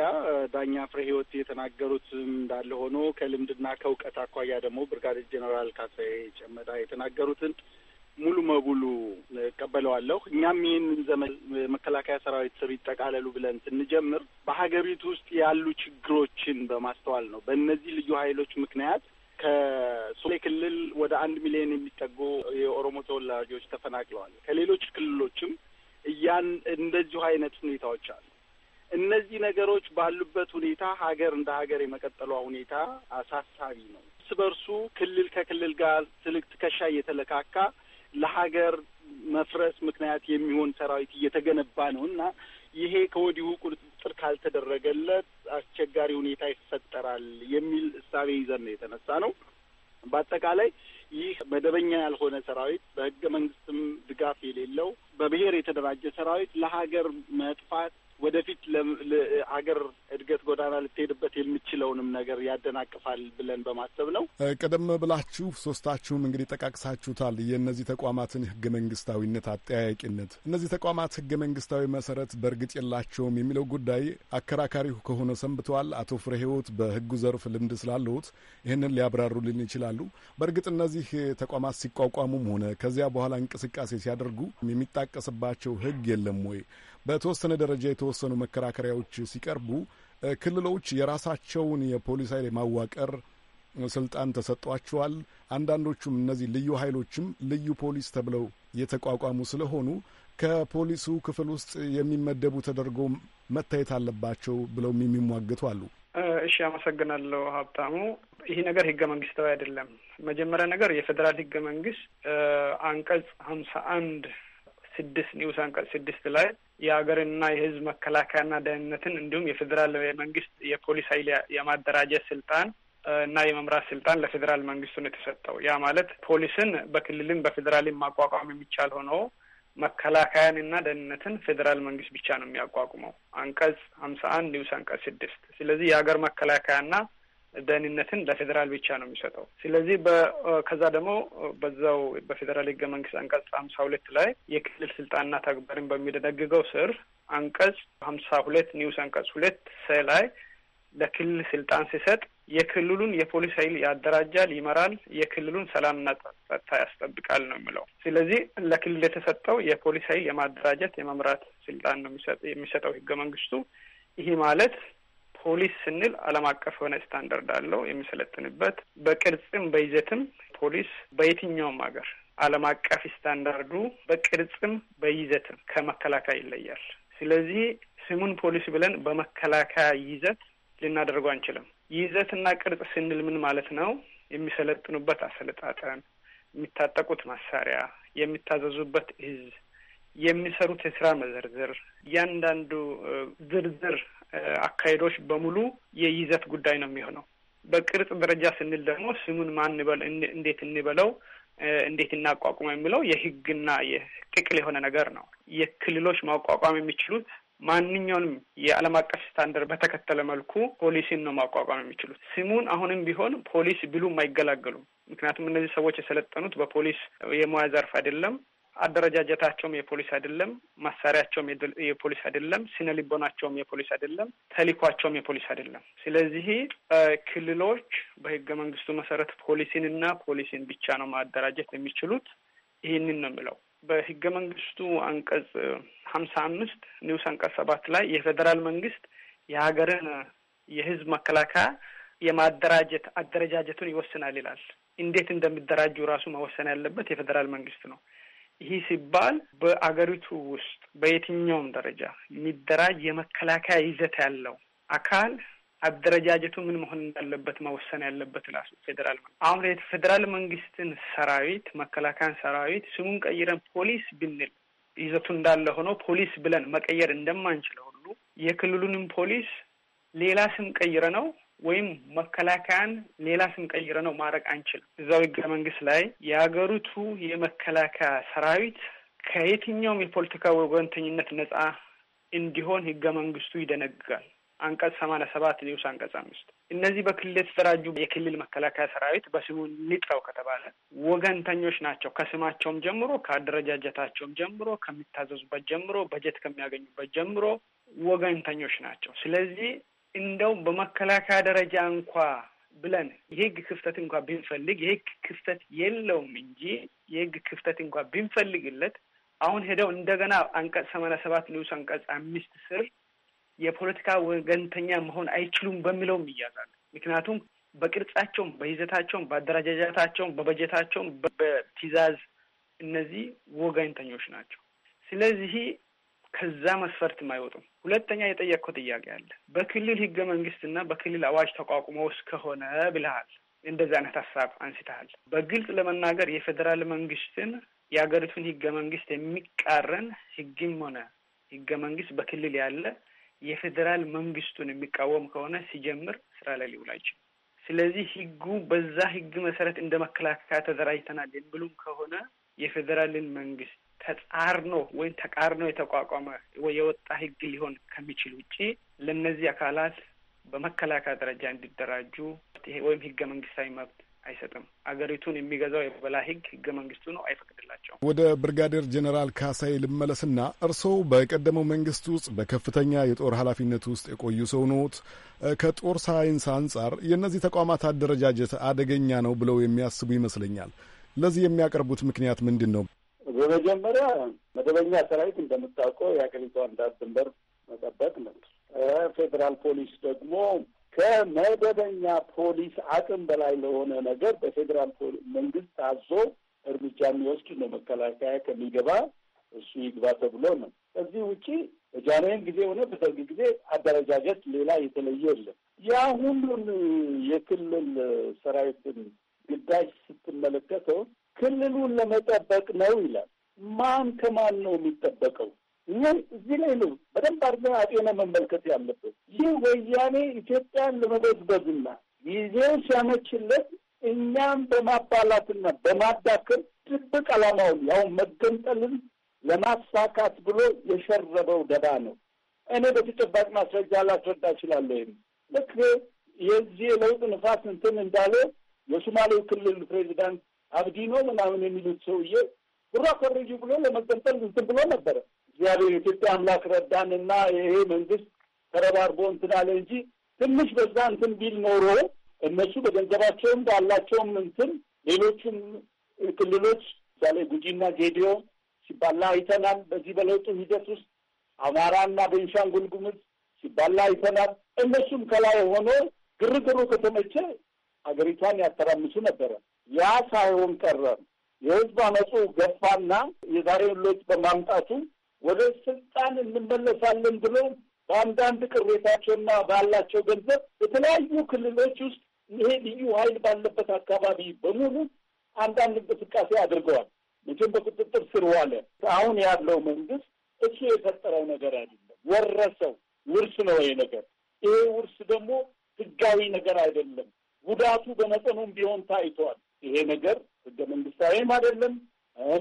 Speaker 2: ዳኛ ፍሬ ህይወት የተናገሩት እንዳለ ሆኖ ከልምድና ከእውቀት አኳያ ደግሞ ብርጋዴር ጄኔራል ካሳዬ ጨመዳ የተናገሩትን ሙሉ በሙሉ እቀበለዋለሁ። እኛም ይህንን ዘመን መከላከያ ሰራዊት ስር ይጠቃለሉ ብለን ስንጀምር በሀገሪቱ ውስጥ ያሉ ችግሮችን በማስተዋል ነው። በእነዚህ ልዩ ኃይሎች ምክንያት ከሶማሌ ክልል ወደ አንድ ሚሊዮን የሚጠጉ የኦሮሞ ተወላጆች ተፈናቅለዋል። ከሌሎች ክልሎችም እያን እንደዚሁ አይነት ሁኔታዎች አሉ። እነዚህ ነገሮች ባሉበት ሁኔታ ሀገር እንደ ሀገር የመቀጠሏ ሁኔታ አሳሳቢ ነው። እርስ በርሱ ክልል ከክልል ጋር ስልክ ትከሻ እየተለካካ ለሀገር መፍረስ ምክንያት የሚሆን ሰራዊት እየተገነባ ነው እና ይሄ ከወዲሁ ቁጥጥር ካልተደረገለት አስቸጋሪ ሁኔታ ይፈጠራል የሚል እሳቤ ይዘን ነው የተነሳ ነው። በአጠቃላይ ይህ መደበኛ ያልሆነ ሰራዊት በህገ መንግስትም ድጋፍ የሌለው በብሔር የተደራጀ ሰራዊት ለሀገር መጥፋት ወደፊት ለሀገር እድገት ጎዳና ልትሄድበት የምችለውንም ነገር ያደናቅፋል ብለን በማሰብ ነው።
Speaker 9: ቀደም ብላችሁ ሶስታችሁም እንግዲህ ጠቃቅሳችሁታል የእነዚህ ተቋማትን ህገ መንግስታዊነት አጠያያቂነት። እነዚህ ተቋማት ህገ መንግስታዊ መሰረት በእርግጥ የላቸውም የሚለው ጉዳይ አከራካሪ ከሆነ ሰንብተዋል። አቶ ፍሬ ህይወት በህጉ ዘርፍ ልምድ ስላለሁት ይህንን ሊያብራሩልን ይችላሉ። በእርግጥ እነዚህ ተቋማት ሲቋቋሙም ሆነ ከዚያ በኋላ እንቅስቃሴ ሲያደርጉ የሚጣቀስባቸው ህግ የለም ወይ? በተወሰነ ደረጃ የተወሰኑ መከራከሪያዎች ሲቀርቡ ክልሎች የራሳቸውን የፖሊስ ኃይል የማዋቀር ስልጣን ተሰጥጧቸዋል አንዳንዶቹም እነዚህ ልዩ ኃይሎችም ልዩ ፖሊስ ተብለው የተቋቋሙ ስለሆኑ ከፖሊሱ ክፍል ውስጥ የሚመደቡ ተደርጎ መታየት አለባቸው ብለውም የሚሟገቱ አሉ።
Speaker 3: እሺ፣ አመሰግናለሁ ሀብታሙ። ይህ ነገር ህገ መንግስታዊ አይደለም። መጀመሪያ ነገር የፌዴራል ህገ መንግስት አንቀጽ ሀምሳ አንድ ስድስት ንዑስ አንቀጽ ስድስት ላይ የሀገርንና የህዝብ መከላከያና ደህንነትን እንዲሁም የፌዴራል መንግስት የፖሊስ ኃይል የማደራጀት ስልጣን እና የመምራት ስልጣን ለፌዴራል መንግስቱ ነው የተሰጠው። ያ ማለት ፖሊስን በክልልም በፌዴራልም ማቋቋም የሚቻል ሆኖ መከላከያን እና ደህንነትን ፌዴራል መንግስት ብቻ ነው የሚያቋቁመው አንቀጽ ሀምሳ አንድ ንዑስ አንቀጽ ስድስት። ስለዚህ የሀገር መከላከያና ደህንነትን ለፌዴራል ብቻ ነው የሚሰጠው። ስለዚህ ከዛ ደግሞ በዛው በፌዴራል ህገ መንግስት አንቀጽ ሀምሳ ሁለት ላይ የክልል ስልጣንና ተግባርን በሚደነግገው ስር አንቀጽ ሀምሳ ሁለት ኒውስ አንቀጽ ሁለት ሰ ላይ ለክልል ስልጣን ሲሰጥ የክልሉን የፖሊስ ኃይል ያደራጃል፣ ይመራል፣ የክልሉን ሰላምና ጸጥታ ያስጠብቃል ነው የሚለው። ስለዚህ ለክልል የተሰጠው የፖሊስ ኃይል የማደራጀት የመምራት ስልጣን ነው የሚሰጠው ህገ መንግስቱ። ይህ ማለት ፖሊስ ስንል ዓለም አቀፍ የሆነ ስታንዳርድ አለው የሚሰለጥንበት በቅርጽም በይዘትም ፖሊስ በየትኛውም ሀገር ዓለም አቀፍ ስታንዳርዱ በቅርጽም በይዘትም ከመከላከያ ይለያል። ስለዚህ ስሙን ፖሊስ ብለን በመከላከያ ይዘት ልናደርገው አንችልም። ይዘትና ቅርጽ ስንል ምን ማለት ነው? የሚሰለጥኑበት አሰለጣጠን፣ የሚታጠቁት መሳሪያ፣ የሚታዘዙበት እዝ የሚሰሩት የስራ መዘርዝር፣ እያንዳንዱ ዝርዝር አካሄዶች በሙሉ የይዘት ጉዳይ ነው የሚሆነው። በቅርጽ ደረጃ ስንል ደግሞ ስሙን ማን እንዴት እንበለው፣ እንዴት እናቋቁመው የሚለው የህግና የጥቅል የሆነ ነገር ነው። የክልሎች ማቋቋም የሚችሉት ማንኛውንም የዓለም አቀፍ ስታንደር በተከተለ መልኩ ፖሊሲን ነው ማቋቋም የሚችሉት። ስሙን አሁንም ቢሆን ፖሊስ ብሉም አይገላገሉም። ምክንያቱም እነዚህ ሰዎች የሰለጠኑት በፖሊስ የሙያ ዘርፍ አይደለም። አደረጃጀታቸውም የፖሊስ አይደለም፣ መሳሪያቸውም የፖሊስ አይደለም፣ ስነ ልቦናቸውም የፖሊስ አይደለም፣ ተሊኳቸውም የፖሊስ አይደለም። ስለዚህ ክልሎች በህገ መንግስቱ መሰረት ፖሊሲን እና ፖሊሲን ብቻ ነው ማደራጀት የሚችሉት። ይህንን ነው የምለው። በህገ መንግስቱ አንቀጽ ሀምሳ አምስት ንዑስ አንቀጽ ሰባት ላይ የፌዴራል መንግስት የሀገርን የህዝብ መከላከያ የማደራጀት አደረጃጀቱን ይወስናል ይላል። እንዴት እንደሚደራጁ ራሱ መወሰን ያለበት የፌዴራል መንግስት ነው። ይህ ሲባል በአገሪቱ ውስጥ በየትኛውም ደረጃ የሚደራጅ የመከላከያ ይዘት ያለው አካል አደረጃጀቱ ምን መሆን እንዳለበት መወሰን ያለበት ላሱ ፌዴራል አሁን የፌዴራል መንግስትን ሰራዊት መከላከያን ሰራዊት ስሙን ቀይረን ፖሊስ ብንል ይዘቱ እንዳለ ሆኖ ፖሊስ ብለን መቀየር እንደማንችለው ሁሉ የክልሉንም ፖሊስ ሌላ ስም ቀይረ ነው ወይም መከላከያን ሌላ ስም ቀይረ ነው ማድረግ አንችልም። እዛው ህገ መንግስት ላይ የሀገሪቱ የመከላከያ ሰራዊት ከየትኛውም የፖለቲካ ወገንተኝነት ነጻ እንዲሆን ህገ መንግስቱ ይደነግጋል። አንቀጽ ሰማንያ ሰባት ንዑስ አንቀጽ አምስት እነዚህ በክልል የተደራጁ የክልል መከላከያ ሰራዊት በስሙ እንጥራው ከተባለ ወገንተኞች ናቸው። ከስማቸውም ጀምሮ ከአደረጃጀታቸውም ጀምሮ ከሚታዘዙበት ጀምሮ በጀት ከሚያገኙበት ጀምሮ ወገንተኞች ናቸው። ስለዚህ እንደውም በመከላከያ ደረጃ እንኳ ብለን የህግ ክፍተት እንኳ ብንፈልግ የህግ ክፍተት የለውም እንጂ የህግ ክፍተት እንኳ ብንፈልግለት አሁን ሄደው እንደገና አንቀጽ ሰማንያ ሰባት ንዑስ አንቀጽ አምስት ስር የፖለቲካ ወገንተኛ መሆን አይችሉም በሚለውም ይያዛል። ምክንያቱም በቅርጻቸውም፣ በይዘታቸውም፣ በአደረጃጀታቸውም፣ በበጀታቸውም በትዕዛዝ እነዚህ ወገንተኞች ናቸው። ስለዚህ ከዛ መስፈርት አይወጡም። ሁለተኛ የጠየቅከው ጥያቄ አለ። በክልል ህገ መንግስትና በክልል አዋጅ ተቋቁመው እስከሆነ ብልሃል። እንደዚህ አይነት ሀሳብ አንስተሃል። በግልጽ ለመናገር የፌዴራል መንግስትን የሀገሪቱን ህገ መንግስት የሚቃረን ህግም ሆነ ህገ መንግስት በክልል ያለ የፌዴራል መንግስቱን የሚቃወም ከሆነ ሲጀምር ስራ ላይ ሊውል አይችልም። ስለዚህ ህጉ በዛ ህግ መሰረት እንደ መከላከያ ተደራጅተናል የሚሉም ከሆነ የፌዴራልን መንግስት ተጻርኖ ወይም ተቃርኖ የተቋቋመ የወጣ ህግ ሊሆን ከሚችል ውጪ ለእነዚህ አካላት በመከላከያ ደረጃ እንዲደራጁ ወይም ህገ መንግስታዊ መብት አይሰጥም። አገሪቱን የሚገዛው የበላ ህግ ህገ መንግስቱ ነው፣ አይፈቅድላቸውም።
Speaker 9: ወደ ብርጋዴር ጀኔራል ካሳይ ልመለስና እርስዎ በቀደመው መንግስት ውስጥ በከፍተኛ የጦር ኃላፊነት ውስጥ የቆዩ ሰው ኖት። ከጦር ሳይንስ አንጻር የእነዚህ ተቋማት አደረጃጀት አደገኛ ነው ብለው የሚያስቡ ይመስለኛል። ለዚህ የሚያቀርቡት ምክንያት ምንድን ነው?
Speaker 2: የመጀመሪያ መደበኛ ሰራዊት እንደምታውቀው የሀገሪቷን ዳር ድንበር መጠበቅ ነው። ፌዴራል ፖሊስ ደግሞ ከመደበኛ ፖሊስ አቅም በላይ ለሆነ ነገር በፌዴራል መንግስት አዞ እርምጃ የሚወስድ ነው። መከላከያ ከሚገባ እሱ ይግባ ተብሎ ነው። ከዚህ ውጪ በጃንሆይም ጊዜ ሆነ በደርግ ጊዜ አደረጃጀት ሌላ የተለየ የለም። ያ ሁሉን የክልል ሰራዊትን ግዳጅ ስትመለከተው ክልሉን ለመጠበቅ ነው ይላል። ማን ከማን ነው የሚጠበቀው? ይሄ እዚህ ላይ ነው በደንብ አድርገን አጤነ መመልከት ያለበት። ይህ ወያኔ ኢትዮጵያን ለመበዝበዝና ጊዜው ሲያመችለት እኛም በማባላትና በማዳከም ድብቅ ዓላማውን ያው መገንጠልን ለማሳካት ብሎ የሸረበው ደባ ነው። እኔ በተጨባጭ ማስረጃ ላስረዳ እችላለሁ። ይህም ልክ የዚህ የለውጥ ንፋስ እንትን እንዳለ የሶማሌው ክልል ፕሬዚዳንት አብዲ ነው ምናምን የሚሉት ሰውዬ ብሩ አኮረጁ ብሎ ለመገንጠል እንትን ብሎ ነበረ። እግዚአብሔር ኢትዮጵያ አምላክ ረዳንና ይሄ መንግስት ተረባርቦ እንትን አለ እንጂ ትንሽ በዛ እንትን ቢል ኖሮ እነሱ በገንዘባቸውም ባላቸውም እንትን ሌሎቹም ክልሎች ምሳሌ ጉጂና ጌዲዮ ሲባላ አይተናል። በዚህ በለውጡ ሂደት ውስጥ አማራና ቤንሻንጉል ጉሙዝ ሲባላ አይተናል። እነሱም ከላይ ሆኖ ግርግሩ ከተመቸ ሀገሪቷን ያተራምሱ ነበረ። ያ ሳይሆን ቀረ። የህዝብ አመፁ ገፋና የዛሬውን ለውጥ በማምጣቱ ወደ ስልጣን እንመለሳለን ብሎ በአንዳንድ ቅሬታቸውና ባላቸው ገንዘብ የተለያዩ ክልሎች ውስጥ ይሄ ልዩ ኃይል ባለበት አካባቢ በሙሉ አንዳንድ እንቅስቃሴ አድርገዋል። መቼም በቁጥጥር ስር ዋለ። አሁን ያለው መንግስት እሱ የፈጠረው ነገር አይደለም፣ ወረሰው። ውርስ ነው ይሄ ነገር። ይሄ ውርስ ደግሞ ህጋዊ ነገር አይደለም። ጉዳቱ በመጠኑም ቢሆን ታይቷል። ይሄ ነገር ህገ መንግስታዊም አይደለም፣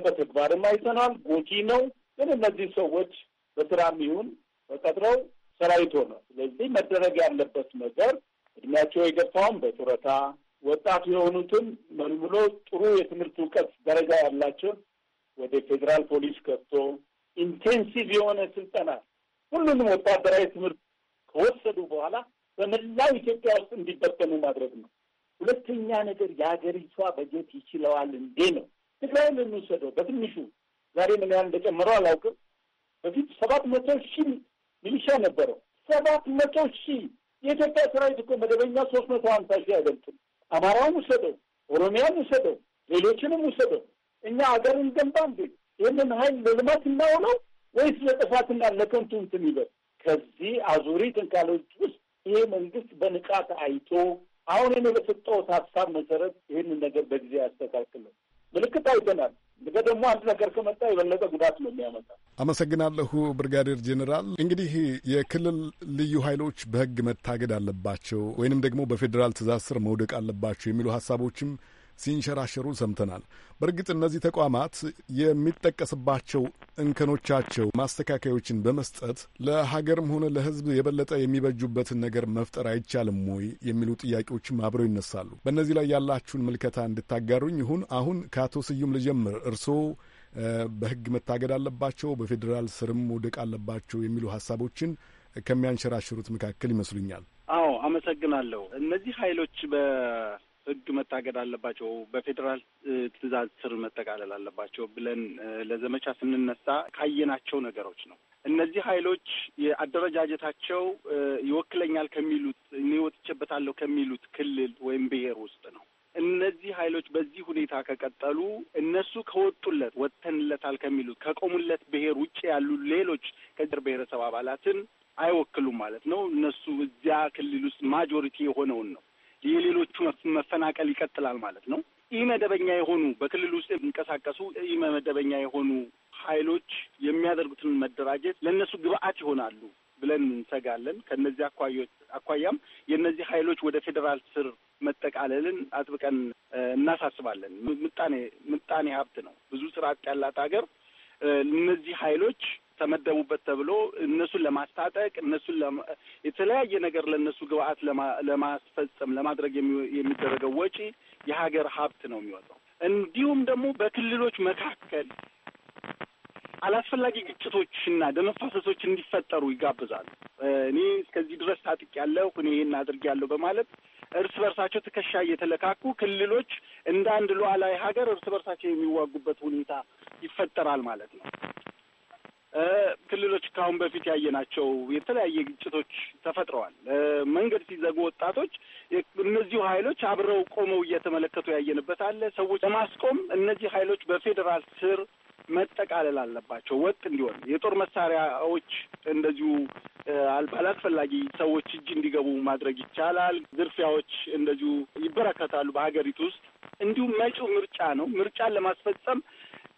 Speaker 2: በተግባርም አይተናል፣ ጎጂ ነው። ግን እነዚህ ሰዎች በስራም ይሁን ተቀጥረው ሰራዊት ሆነ። ስለዚህ መደረግ ያለበት ነገር እድሜያቸው የገፋውን በጡረታ ወጣት የሆኑትን መልምሎ ጥሩ የትምህርት እውቀት ደረጃ ያላቸው ወደ ፌዴራል ፖሊስ ከፍቶ ኢንቴንሲቭ የሆነ ስልጠና ሁሉንም ወታደራዊ ትምህርት ከወሰዱ በኋላ በመላው ኢትዮጵያ ውስጥ እንዲበተኑ ማድረግ ነው። ሁለተኛ ነገር የሀገሪቷ በጀት ይችለዋል እንዴ ነው። ትግራይ የምንወሰደው በትንሹ ዛሬ ምን ያህል እንደጨመረው አላውቅም። በፊት ሰባት መቶ ሺህ ሚሊሻ ነበረው። ሰባት መቶ ሺህ የኢትዮጵያ ሰራዊት እኮ መደበኛ ሶስት መቶ ሀምሳ ሺህ አይበልጥም። አማራውም ውሰደው፣ ኦሮሚያም ውሰደው፣ ሌሎችንም ውሰደው። እኛ ሀገርን ገንባ እንዴ? ይህንን ሀይል ለልማት እናውለው ወይስ ለጥፋትና ለከንቱ እንትን ይበል? ከዚህ አዙሪት እንካሎች ውስጥ ይሄ መንግስት በንቃት አይቶ አሁን ይህን በሰጠሁት ሀሳብ መሰረት ይህንን ነገር በጊዜ ያስተካክለው። ምልክት አይተናል። ነገ ደግሞ አንድ ነገር ከመጣ የበለጠ ጉዳት ነው የሚያመጣ።
Speaker 9: አመሰግናለሁ ብርጋዴር ጄኔራል። እንግዲህ የክልል ልዩ ኃይሎች በህግ መታገድ አለባቸው ወይንም ደግሞ በፌዴራል ትእዛዝ ስር መውደቅ አለባቸው የሚሉ ሀሳቦችም ሲንሸራሸሩ ሰምተናል። በእርግጥ እነዚህ ተቋማት የሚጠቀስባቸው እንከኖቻቸው ማስተካከዮችን በመስጠት ለሀገርም ሆነ ለሕዝብ የበለጠ የሚበጁበትን ነገር መፍጠር አይቻልም ወይ የሚሉ ጥያቄዎችም አብረው ይነሳሉ። በእነዚህ ላይ ያላችሁን ምልከታ እንድታጋሩኝ ይሁን። አሁን ከአቶ ስዩም ልጀምር። እርስዎ በህግ መታገድ አለባቸው፣ በፌዴራል ስርም መውደቅ አለባቸው የሚሉ ሀሳቦችን ከሚያንሸራሽሩት መካከል ይመስሉኛል።
Speaker 2: አዎ አመሰግናለሁ። እነዚህ ኃይሎች ህግ መታገድ አለባቸው፣ በፌዴራል ትዕዛዝ ስር መጠቃለል አለባቸው ብለን ለዘመቻ ስንነሳ ካየናቸው ነገሮች ነው። እነዚህ ኃይሎች የአደረጃጀታቸው ይወክለኛል ከሚሉት እኔ ወጥቼበታለሁ ከሚሉት ክልል ወይም ብሔር ውስጥ ነው። እነዚህ ኃይሎች በዚህ ሁኔታ ከቀጠሉ እነሱ ከወጡለት ወጥተንለታል ከሚሉት ከቆሙለት ብሔር ውጭ ያሉ ሌሎች ከዚር ብሔረሰብ አባላትን አይወክሉም ማለት ነው። እነሱ እዚያ ክልል ውስጥ ማጆሪቲ የሆነውን ነው የሌሎቹ መፈናቀል ይቀጥላል ማለት ነው። ኢ መደበኛ የሆኑ በክልል ውስጥ የሚንቀሳቀሱ ኢመደበኛ መደበኛ የሆኑ ኃይሎች የሚያደርጉትን መደራጀት ለእነሱ ግብአት ይሆናሉ ብለን እንሰጋለን። ከነዚህ አኳዮች አኳያም የእነዚህ ኃይሎች ወደ ፌዴራል ስር መጠቃለልን አጥብቀን እናሳስባለን። ምጣኔ ምጣኔ ሀብት ነው። ብዙ ስራ ያላት ሀገር እነዚህ ኃይሎች ተመደቡበት ተብሎ እነሱን ለማስታጠቅ እነሱን የተለያየ ነገር ለእነሱ ግብአት ለማስፈጸም ለማድረግ የሚደረገው ወጪ የሀገር ሀብት ነው የሚወጣው። እንዲሁም ደግሞ በክልሎች መካከል አላስፈላጊ ግጭቶችና ደመፋሰሶች እንዲፈጠሩ ይጋብዛሉ። እኔ እስከዚህ ድረስ ታጥቅ ያለሁ እኔ ይህን አድርግ በማለት እርስ በርሳቸው ትከሻ እየተለካኩ ክልሎች እንደ አንድ ሉዓላዊ ሀገር እርስ በርሳቸው የሚዋጉበት ሁኔታ ይፈጠራል ማለት ነው። ክልሎች ከአሁን በፊት ያየናቸው የተለያየ ግጭቶች ተፈጥረዋል። መንገድ ሲዘጉ ወጣቶች እነዚሁ ኃይሎች አብረው ቆመው እየተመለከቱ ያየንበት አለ። ሰዎች ለማስቆም እነዚህ ኃይሎች በፌዴራል ስር መጠቃለል አለባቸው። ወጥ እንዲሆን የጦር መሳሪያዎች እንደዚሁ አላስፈላጊ ሰዎች እጅ እንዲገቡ ማድረግ ይቻላል። ዝርፊያዎች እንደዚሁ ይበረከታሉ በሀገሪቱ ውስጥ። እንዲሁም መጪው ምርጫ ነው። ምርጫን ለማስፈጸም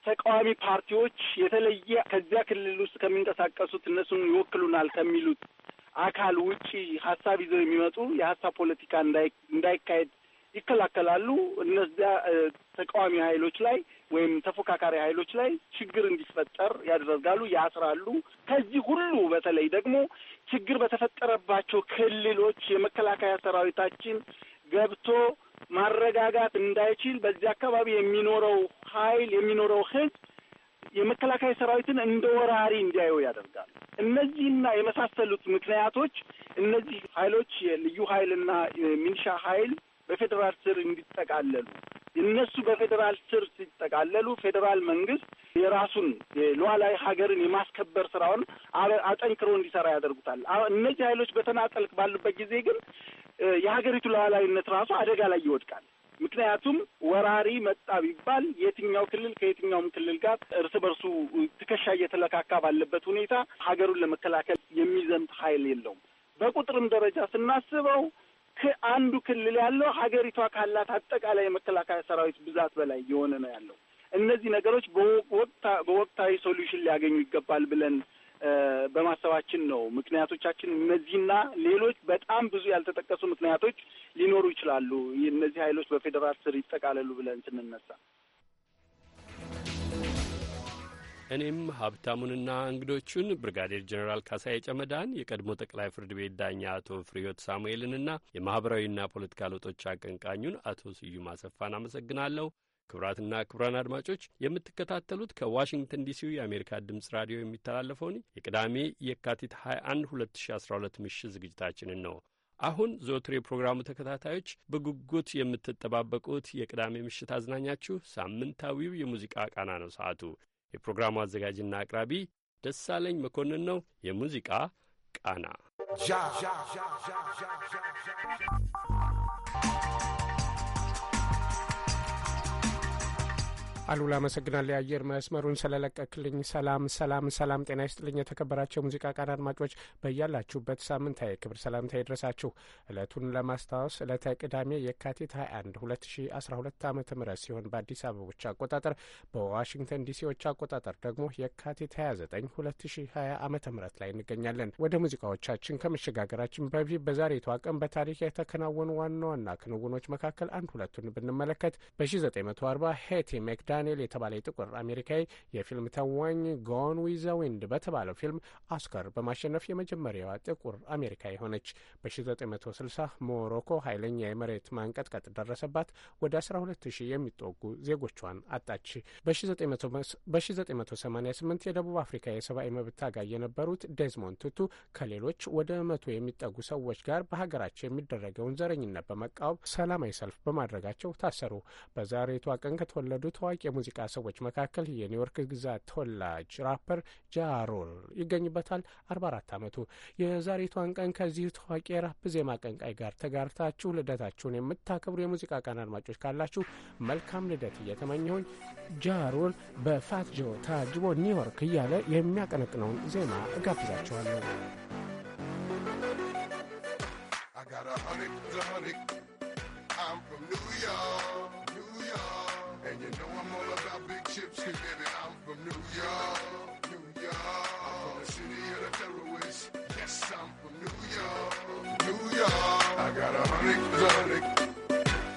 Speaker 2: ተቃዋሚ ፓርቲዎች የተለየ ከዚያ ክልል ውስጥ ከሚንቀሳቀሱት እነሱን ይወክሉናል ከሚሉት አካል ውጪ ሀሳብ ይዘው የሚመጡ የሀሳብ ፖለቲካ እንዳይካሄድ ይከላከላሉ። እነዚያ ተቃዋሚ ኃይሎች ላይ ወይም ተፎካካሪ ኃይሎች ላይ ችግር እንዲፈጠር ያደርጋሉ፣ ያስራሉ። ከዚህ ሁሉ በተለይ ደግሞ ችግር በተፈጠረባቸው ክልሎች የመከላከያ ሰራዊታችን ገብቶ ማረጋጋት እንዳይችል በዚህ አካባቢ የሚኖረው ኃይል የሚኖረው ህዝብ የመከላከያ ሰራዊትን እንደ ወራሪ እንዲያየው ያደርጋል። እነዚህና የመሳሰሉት ምክንያቶች እነዚህ ኃይሎች የልዩ ኃይልና ሚኒሻ ኃይል በፌዴራል ስር እንዲጠቃለሉ እነሱ በፌዴራል ስር ሲጠቃለሉ ፌዴራል መንግስት የራሱን ሉዓላዊ ሀገርን የማስከበር ስራውን አጠንክሮ እንዲሰራ ያደርጉታል። እነዚህ ኃይሎች በተናጠል ባሉበት ጊዜ ግን የሀገሪቱ ሉዓላዊነት ራሱ አደጋ ላይ ይወድቃል። ምክንያቱም ወራሪ መጣ ቢባል የትኛው ክልል ከየትኛውም ክልል ጋር እርስ በርሱ ትከሻ እየተለካካ ባለበት ሁኔታ ሀገሩን ለመከላከል የሚዘምት ኃይል የለውም። በቁጥርም ደረጃ ስናስበው አንዱ ክልል ያለው ሀገሪቷ ካላት አጠቃላይ የመከላከያ ሰራዊት ብዛት በላይ የሆነ ነው ያለው። እነዚህ ነገሮች በወቅታዊ ሶሉሽን ሊያገኙ ይገባል ብለን በማሰባችን ነው። ምክንያቶቻችን እነዚህና ሌሎች በጣም ብዙ ያልተጠቀሱ ምክንያቶች ሊኖሩ ይችላሉ። እነዚህ ኃይሎች በፌዴራል ስር ይጠቃለሉ ብለን ስንነሳ
Speaker 1: እኔም ሀብታሙንና እንግዶቹን ብርጋዴር ጀኔራል ካሳይ ጨመዳን፣ የቀድሞ ጠቅላይ ፍርድ ቤት ዳኛ አቶ ፍሪዮት ሳሙኤልንና የማኅበራዊና ፖለቲካ ለውጦች አቀንቃኙን አቶ ስዩም አሰፋን አመሰግናለሁ። ክቡራትና ክቡራን አድማጮች የምትከታተሉት ከዋሽንግተን ዲሲው የአሜሪካ ድምፅ ራዲዮ የሚተላለፈውን የቅዳሜ የካቲት 21 2012 ምሽት ዝግጅታችንን ነው። አሁን ዘወትር የፕሮግራሙ ተከታታዮች በጉጉት የምትጠባበቁት የቅዳሜ ምሽት አዝናኛችሁ ሳምንታዊው የሙዚቃ ቃና ነው። ሰዓቱ የፕሮግራሙ አዘጋጅና አቅራቢ ደሳለኝ መኮንን ነው። የሙዚቃ ቃና
Speaker 7: አሉላ አመሰግናለሁ የአየር መስመሩን ስለለቀክልኝ። ሰላም ሰላም ሰላም፣ ጤና ይስጥልኝ። የተከበራቸው ሙዚቃ ቃና አድማጮች በያላችሁበት ሳምንታዊ ክብር ሰላምታ ይድረሳችሁ። እለቱን ለማስታወስ እለተ ቅዳሜ የካቲት 21 2012 ዓ ም ሲሆን በአዲስ አበቦች አቆጣጠር በዋሽንግተን ዲሲዎች አቆጣጠር ደግሞ የካቲት 29 2020 ዓ ም ላይ እንገኛለን። ወደ ሙዚቃዎቻችን ከመሸጋገራችን በፊት በዛሬቷ ቀን በታሪክ የተከናወኑ ዋና ዋና ክንውኖች መካከል አንድ ሁለቱን ብንመለከት በ1940 ሄቲ ሜክዳ ዳንኤል የተባለ ጥቁር አሜሪካዊ የፊልም ተዋኝ ጎን ዊዘ ዊንድ በተባለው ፊልም ኦስካር በማሸነፍ የመጀመሪያዋ ጥቁር አሜሪካዊ ሆነች። በ1960 ሞሮኮ ኃይለኛ የመሬት ማንቀጥቀጥ ደረሰባት። ወደ 120 የሚጠጉ ዜጎቿን አጣች። በ1988 የደቡብ አፍሪካ የሰብአዊ መብት ታጋይ የነበሩት ዴዝሞንድ ቱቱ ከሌሎች ወደ መቶ የሚጠጉ ሰዎች ጋር በሀገራቸው የሚደረገውን ዘረኝነት በመቃወም ሰላማዊ ሰልፍ በማድረጋቸው ታሰሩ። በዛሬቷ ቀን ከተወለዱ ታዋቂ የሙዚቃ ሰዎች መካከል የኒውዮርክ ግዛት ተወላጅ ራፐር ጃሮል ይገኝበታል። አርባ አራት ዓመቱ የዛሬቷን ቀን ከዚህ ታዋቂ የራፕ ዜማ አቀንቃይ ጋር ተጋርታችሁ ልደታችሁን የምታከብሩ የሙዚቃ ቀን አድማጮች ካላችሁ መልካም ልደት እየተመኘሁኝ ጃሮል በፋት ታጅቦ ኒውዮርክ እያለ የሚያቀነቅነውን ዜማ
Speaker 4: እጋብዛችኋለሁ። got a hundred, hundred. I'm from New York, New York, and you know. Sneaking and I'm from New York, New York. I'm from the city of the terrorists. Yes, I'm from New York, New York. I got a hundred hundred.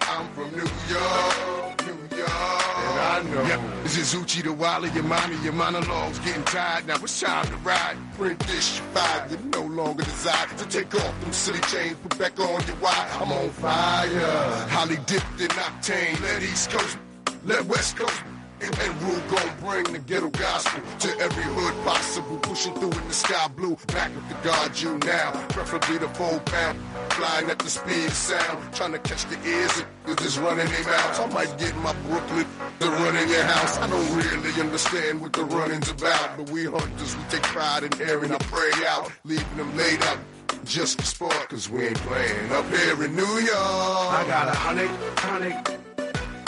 Speaker 4: I'm from New York, New York. I know. Yep. This is Uchi the Wally, your mommy, your monologues getting tired. Now it's time to ride. Print this you vibe, you no longer desire to take off them silly chains, put back on your why. I'm on fire. Holly dipped in octane, let East Coast, let West Coast and we'll go bring the ghetto gospel to every hood possible. Pushing through in the sky blue, back with the God you now. Preferably the full pound, flying at the speed of sound. Trying to catch the ears of just running their mouths. I might get my Brooklyn to run in your house. I don't really understand what the running's about, but we hunters, we take pride in airing our prey out, leaving them laid out just for sport, cause we ain't playing up here in New York. I got a hundred, hundred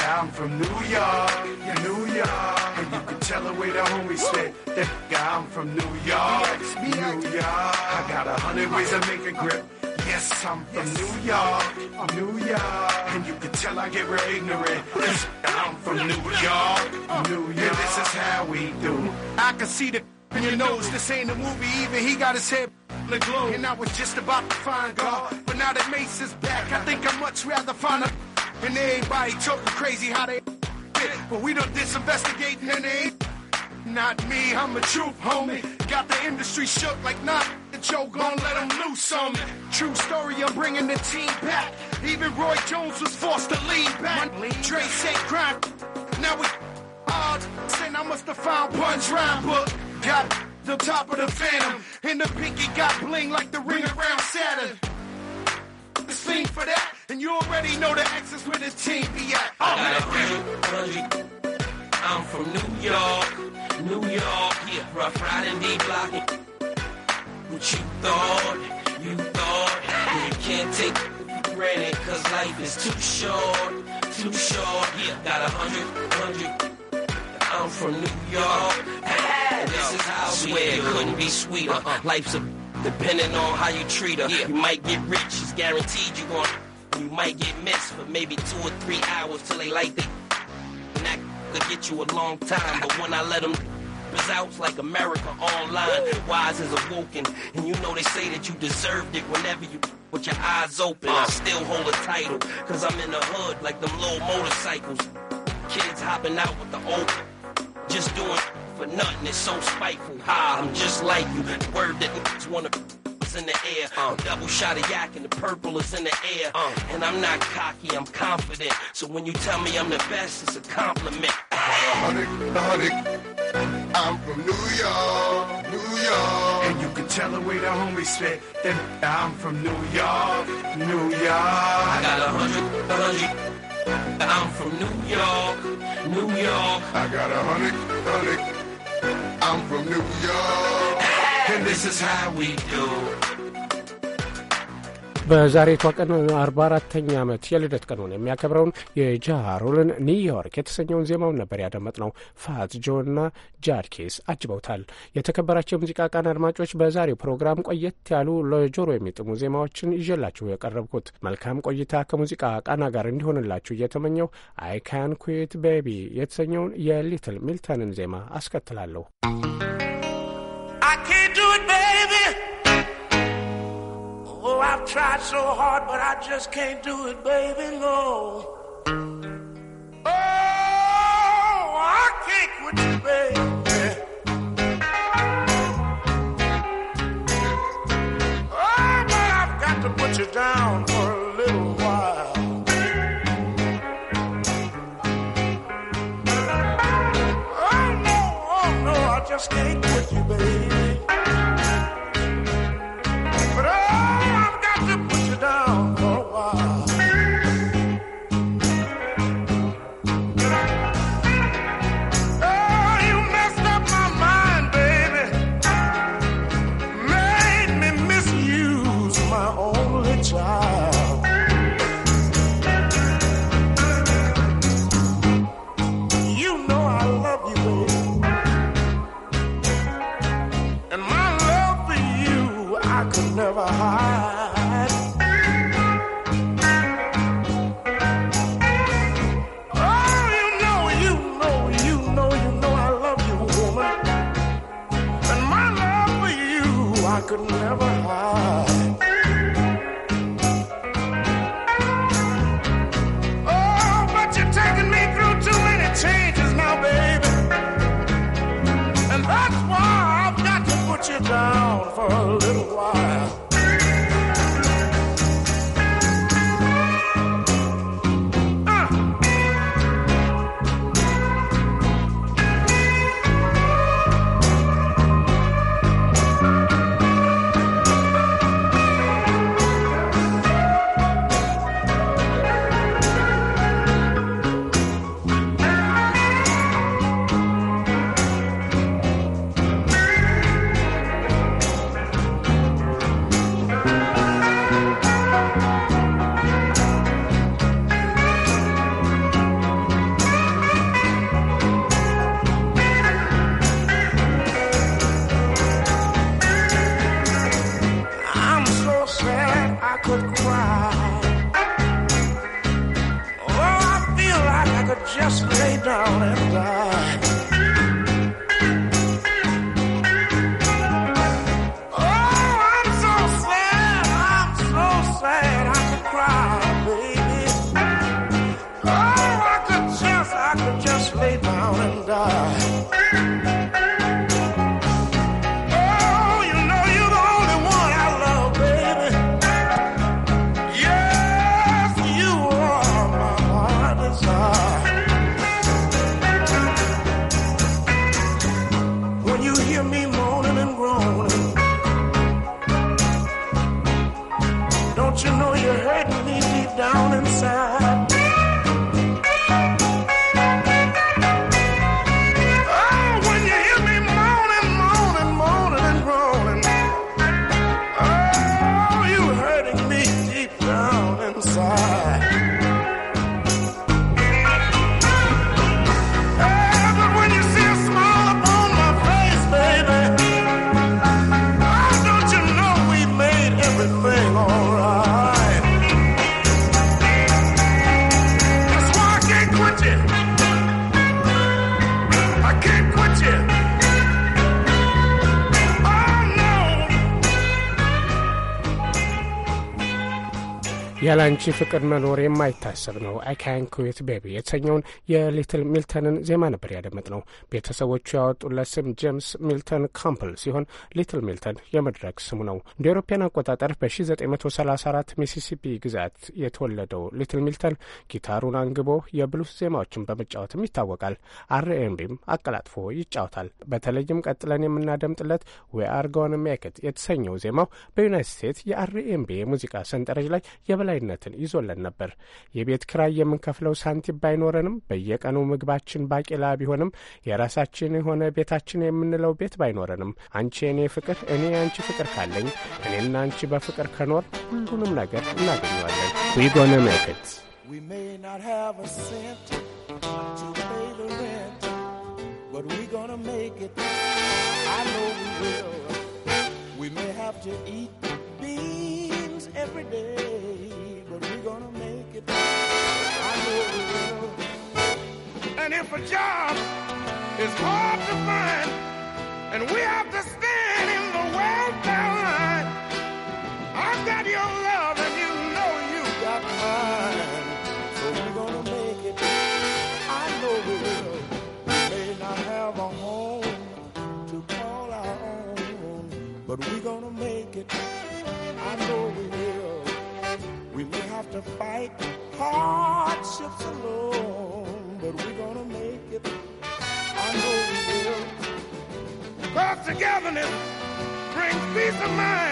Speaker 4: I'm from New York, New York. And you can tell the way the homies say that I'm from New York, New York. I got a hundred ways to make a grip. Yes, I'm from New York, I'm New York. And you can tell I get real ignorant. i I'm from New York, New York. And this is how we do. I can see the in your nose. This ain't a movie even. He got his head the glow. And I was just about to find God. But now that Mace is back, I think I'd much rather find a and everybody talking crazy how they fit, But we don't disinvestigate and they ain't not me, I'm a troop, homie. Got the industry shook like not the joke, gon' let them loose on me. True story, I'm bringing the team back. Even Roy Jones was forced to lean back. Dre said grind, now we odd. Saying I must have found punch rhyme book. Got the top of the phantom. And the pinky got bling like the ring around Saturn. This thing for that. And you already know the X where the team be at. Oh, I got a real I'm from New York, New York, yeah. Rough riding, deep blocking. What you thought, you thought, you can't take for granted, cause life is too short, too short, yeah. Got a hundred, hundred. I'm from New York. this is how swear it couldn't be sweeter. Uh-uh. Life's a, depending on how you treat her. Yeah. You might get rich, it's guaranteed you gonna you might get missed for maybe two or three hours till they like it. And that could get you a long time, but when I let them results like America Online. Wise is awoken, and you know they say that you deserved it whenever you put your eyes open. I still hold a title, cause I'm in the hood like them little motorcycles. Kids hopping out with the open, just doing for nothing. It's so spiteful. Ha, I'm just like you. Word that niggas wanna in the air. Uh, double shot of yak and the purple is in the air. Uh, and I'm not cocky, I'm confident. So when you tell me I'm the best, it's a compliment. honey, honey, I'm from New York, New York. And you can tell the way the homies spit that I'm from New York, New York. I got a hundred, a hundred. I'm from New York, New York. I got a hundred, hundred. I'm from New York.
Speaker 7: በዛሬ ቀን አርባ አራተኛ ዓመት የልደት ቀኑን የሚያከብረውን የጃሮልን ኒውዮርክ የተሰኘውን ዜማውን ነበር ያደመጥነው። ፋት ጆና ጃድኬስ አጅበውታል። የተከበራቸው የሙዚቃ ቃን አድማጮች፣ በዛሬው ፕሮግራም ቆየት ያሉ ለጆሮ የሚጥሙ ዜማዎችን ይዤላችሁ የቀረብኩት መልካም ቆይታ ከሙዚቃ ቃና ጋር እንዲሆንላችሁ እየተመኘው አይ ካን ቤቢ የተሰኘውን የሊትል ሚልተንን ዜማ አስከትላለሁ።
Speaker 4: I can't do it, baby. Oh, I've tried so hard, but I just can't do it, baby. No. Oh, I can't quit you, baby. Oh, but I've got to put you down for a little while. Oh, no, oh, no, I just can't.
Speaker 7: ያላንቺ ፍቅር መኖር የማይታሰብ ነው አይካን ኩዊት ቤቢ የተሰኘውን የሊትል ሚልተንን ዜማ ነበር ያደመጥ ነው። ቤተሰቦቹ ያወጡለት ስም ጄምስ ሚልተን ካምፕል ሲሆን ሊትል ሚልተን የመድረክ ስሙ ነው። እንደ ኤሮፓያን አቆጣጠር በ1934 ሚሲሲፒ ግዛት የተወለደው ሊትል ሚልተን ጊታሩን አንግቦ የብሉስ ዜማዎችን በመጫወትም ይታወቃል። አርኤምቢም አቀላጥፎ ይጫወታል። በተለይም ቀጥለን የምናደምጥለት ዌአር ጎነ የተሰኘው ዜማው በዩናይትድ ስቴትስ የአርኤምቢ የሙዚቃ ሰንጠረዥ ላይ የበላይ ውድነትን ይዞለን ነበር። የቤት ክራይ የምንከፍለው ሳንቲም ባይኖረንም በየቀኑ ምግባችን ባቄላ ቢሆንም የራሳችን የሆነ ቤታችን የምንለው ቤት ባይኖረንም አንቺ የእኔ ፍቅር፣ እኔ አንቺ ፍቅር ካለኝ እኔና አንቺ በፍቅር ከኖር ሁሉንም ነገር እናገኘዋለን። ጎነ ሜክት
Speaker 4: We may not have a cent to pay the rent, but we're gonna make it. I know we will. We may have to eat a job is hard to find, and we have to stand in the welfare line. I've got your love and the mine.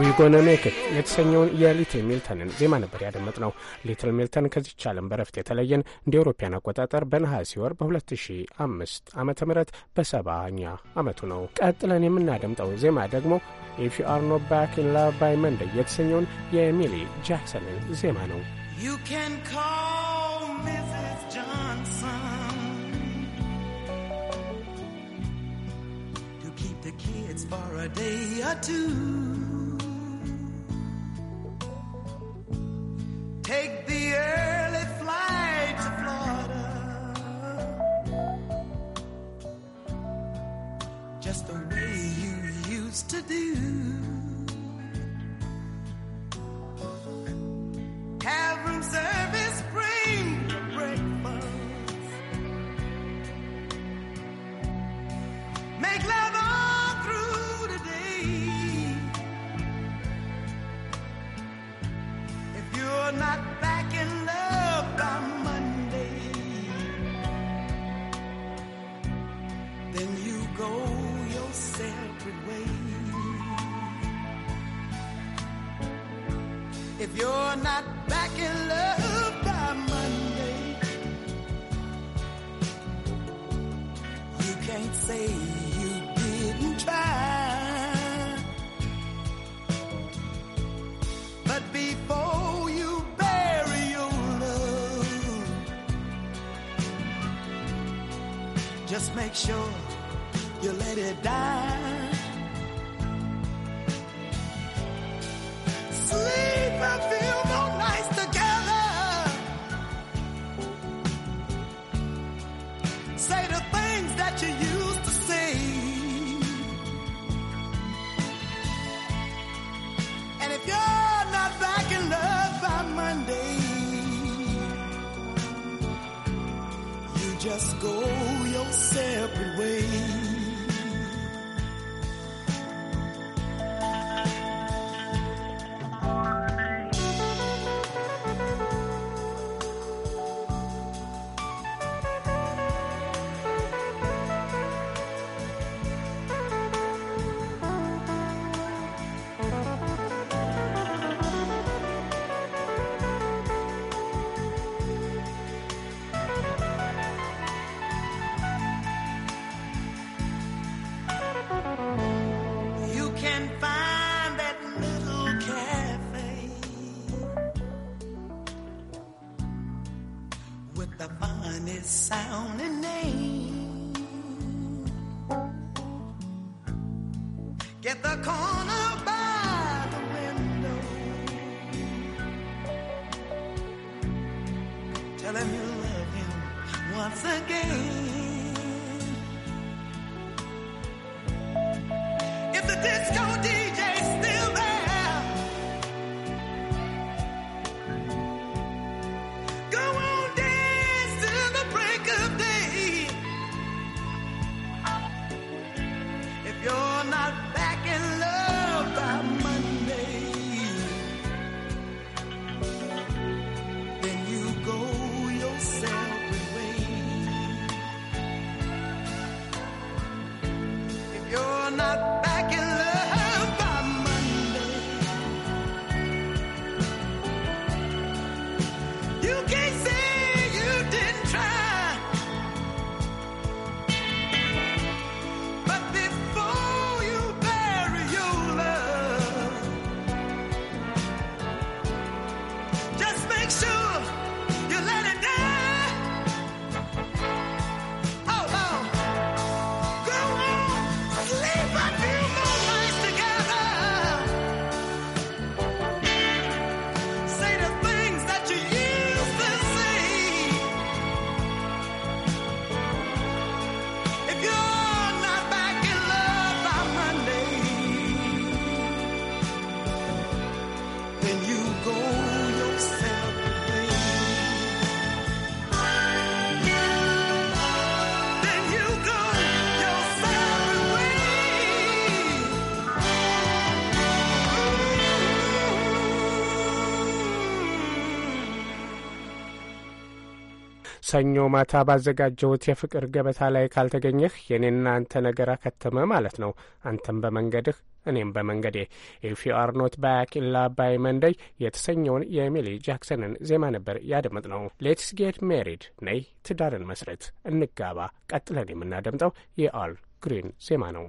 Speaker 7: ዊጎነ ሜክት የተሰኘውን የሊትል ሚልተንን ዜማ ነበር ያደመጥ ነው። ሊትል ሚልተን ከዚች ዓለም በረፍት የተለየን እንደ አውሮፓውያን አቆጣጠር በነሐሴ ወር በ2005 ዓ.ም በሰባኛ ዓመቱ ነው። ቀጥለን የምናደምጠው ዜማ ደግሞ ኢፍ ዩ አር ኖት ባክ ኢን ላቭ ባይ መንደይ የተሰኘውን የሚሊ ጃክሰንን ዜማ ነው።
Speaker 4: You can call Mrs. Johnson to keep the kids for a day or two. Take the early flight to Florida. Just the way you used to do. Have room service bring the breakfast. Make love. you're not back in love by Monday, then you go your separate way. If you're not back in love by Monday, you can't say you didn't try. But before Just make sure you let it die. Sleep and feel more nights together. Say the things that you used to say. And if you're not back in love by Monday, you just go everywhere. not
Speaker 7: ሰኞ ማታ ባዘጋጀሁት የፍቅር ገበታ ላይ ካልተገኘህ የኔና አንተ ነገር አከተመ ማለት ነው። አንተም በመንገድህ እኔም በመንገዴ ኢፍ ዩ አር ኖት ባክ ኢን ላቭ ባይ መንደይ የተሰኘውን የሚሊ ጃክሰንን ዜማ ነበር ያደመጥ ነው። ሌትስ ጌት ሜሪድ ነይ ትዳርን መስረት እንጋባ ቀጥለን የምናደምጠው የአል ግሪን ዜማ ነው።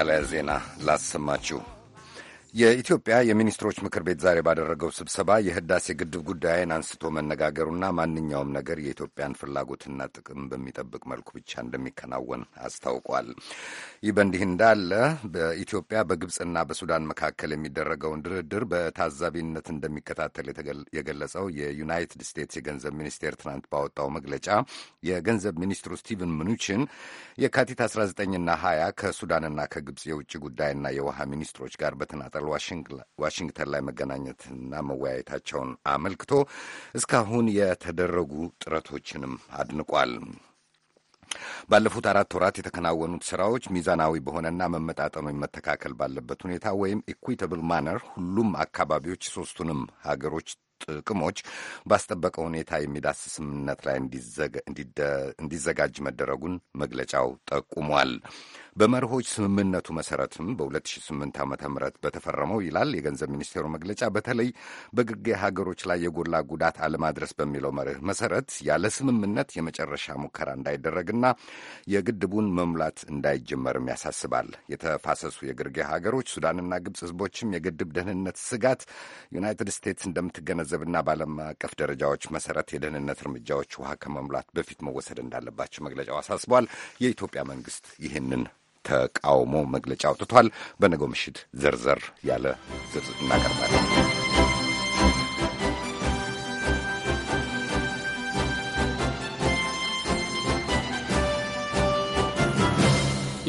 Speaker 5: ማጠቃለያ ዜና ላሰማችሁ። የኢትዮጵያ የሚኒስትሮች ምክር ቤት ዛሬ ባደረገው ስብሰባ የህዳሴ ግድብ ጉዳይን አንስቶ መነጋገሩና ማንኛውም ነገር የኢትዮጵያን ፍላጎትና ጥቅም በሚጠብቅ መልኩ ብቻ እንደሚከናወን አስታውቋል። ይህ በእንዲህ እንዳለ በኢትዮጵያ በግብፅና በሱዳን መካከል የሚደረገውን ድርድር በታዛቢነት እንደሚከታተል የገለጸው የዩናይትድ ስቴትስ የገንዘብ ሚኒስቴር ትናንት ባወጣው መግለጫ የገንዘብ ሚኒስትሩ ስቲቨን ምኑችን የካቲት 19ና 20 ከሱዳንና ከግብፅ የውጭ ጉዳይና የውሃ ሚኒስትሮች ጋር በተናጠሉ ዋሽንግተን ላይ መገናኘትና መወያየታቸውን አመልክቶ እስካሁን የተደረጉ ጥረቶችንም አድንቋል። ባለፉት አራት ወራት የተከናወኑት ስራዎች ሚዛናዊ በሆነና መመጣጠኑ መተካከል ባለበት ሁኔታ ወይም ኢኩዊተብል ማነር ሁሉም አካባቢዎች ሶስቱንም ሀገሮች ጥቅሞች ባስጠበቀ ሁኔታ የሚዳስ ስምምነት ላይ እንዲዘጋጅ መደረጉን መግለጫው ጠቁሟል። በመርሆች ስምምነቱ መሰረትም በ2008 ዓ ም በተፈረመው ይላል የገንዘብ ሚኒስቴሩ መግለጫ፣ በተለይ በግርጌ ሀገሮች ላይ የጎላ ጉዳት አለማድረስ በሚለው መርህ መሰረት ያለ ስምምነት የመጨረሻ ሙከራ እንዳይደረግና የግድቡን መሙላት እንዳይጀመርም ያሳስባል። የተፋሰሱ የግርጌ ሀገሮች ሱዳንና ግብፅ ህዝቦችም የግድብ ደህንነት ስጋት ዩናይትድ ስቴትስ እንደምትገነዘብና በዓለም አቀፍ ደረጃዎች መሰረት የደህንነት እርምጃዎች ውሃ ከመሙላት በፊት መወሰድ እንዳለባቸው መግለጫው አሳስቧል። የኢትዮጵያ መንግስት ይህንን ተቃውሞ መግለጫ አውጥቷል። በነገው ምሽት ዘርዘር ያለ ዝርዝር እናቀርባለን።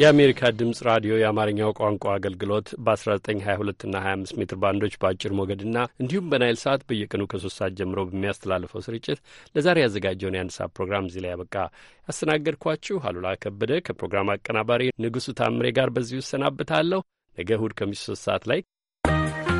Speaker 1: የአሜሪካ ድምፅ ራዲዮ የአማርኛው ቋንቋ አገልግሎት በ1922 እና 25 ሜትር ባንዶች በአጭር ሞገድና እንዲሁም በናይል ሰዓት በየቀኑ ከሶስት ሰዓት ጀምሮ በሚያስተላልፈው ስርጭት ለዛሬ ያዘጋጀውን የአንድ ሰዓት ፕሮግራም እዚህ ላይ ያበቃ። ያስተናገድኳችሁ አሉላ ከበደ ከፕሮግራም አቀናባሪ ንጉሡ ታምሬ ጋር በዚሁ እሰናብታለሁ። ነገ እሁድ ከምሽቱ ሶስት ሰዓት ላይ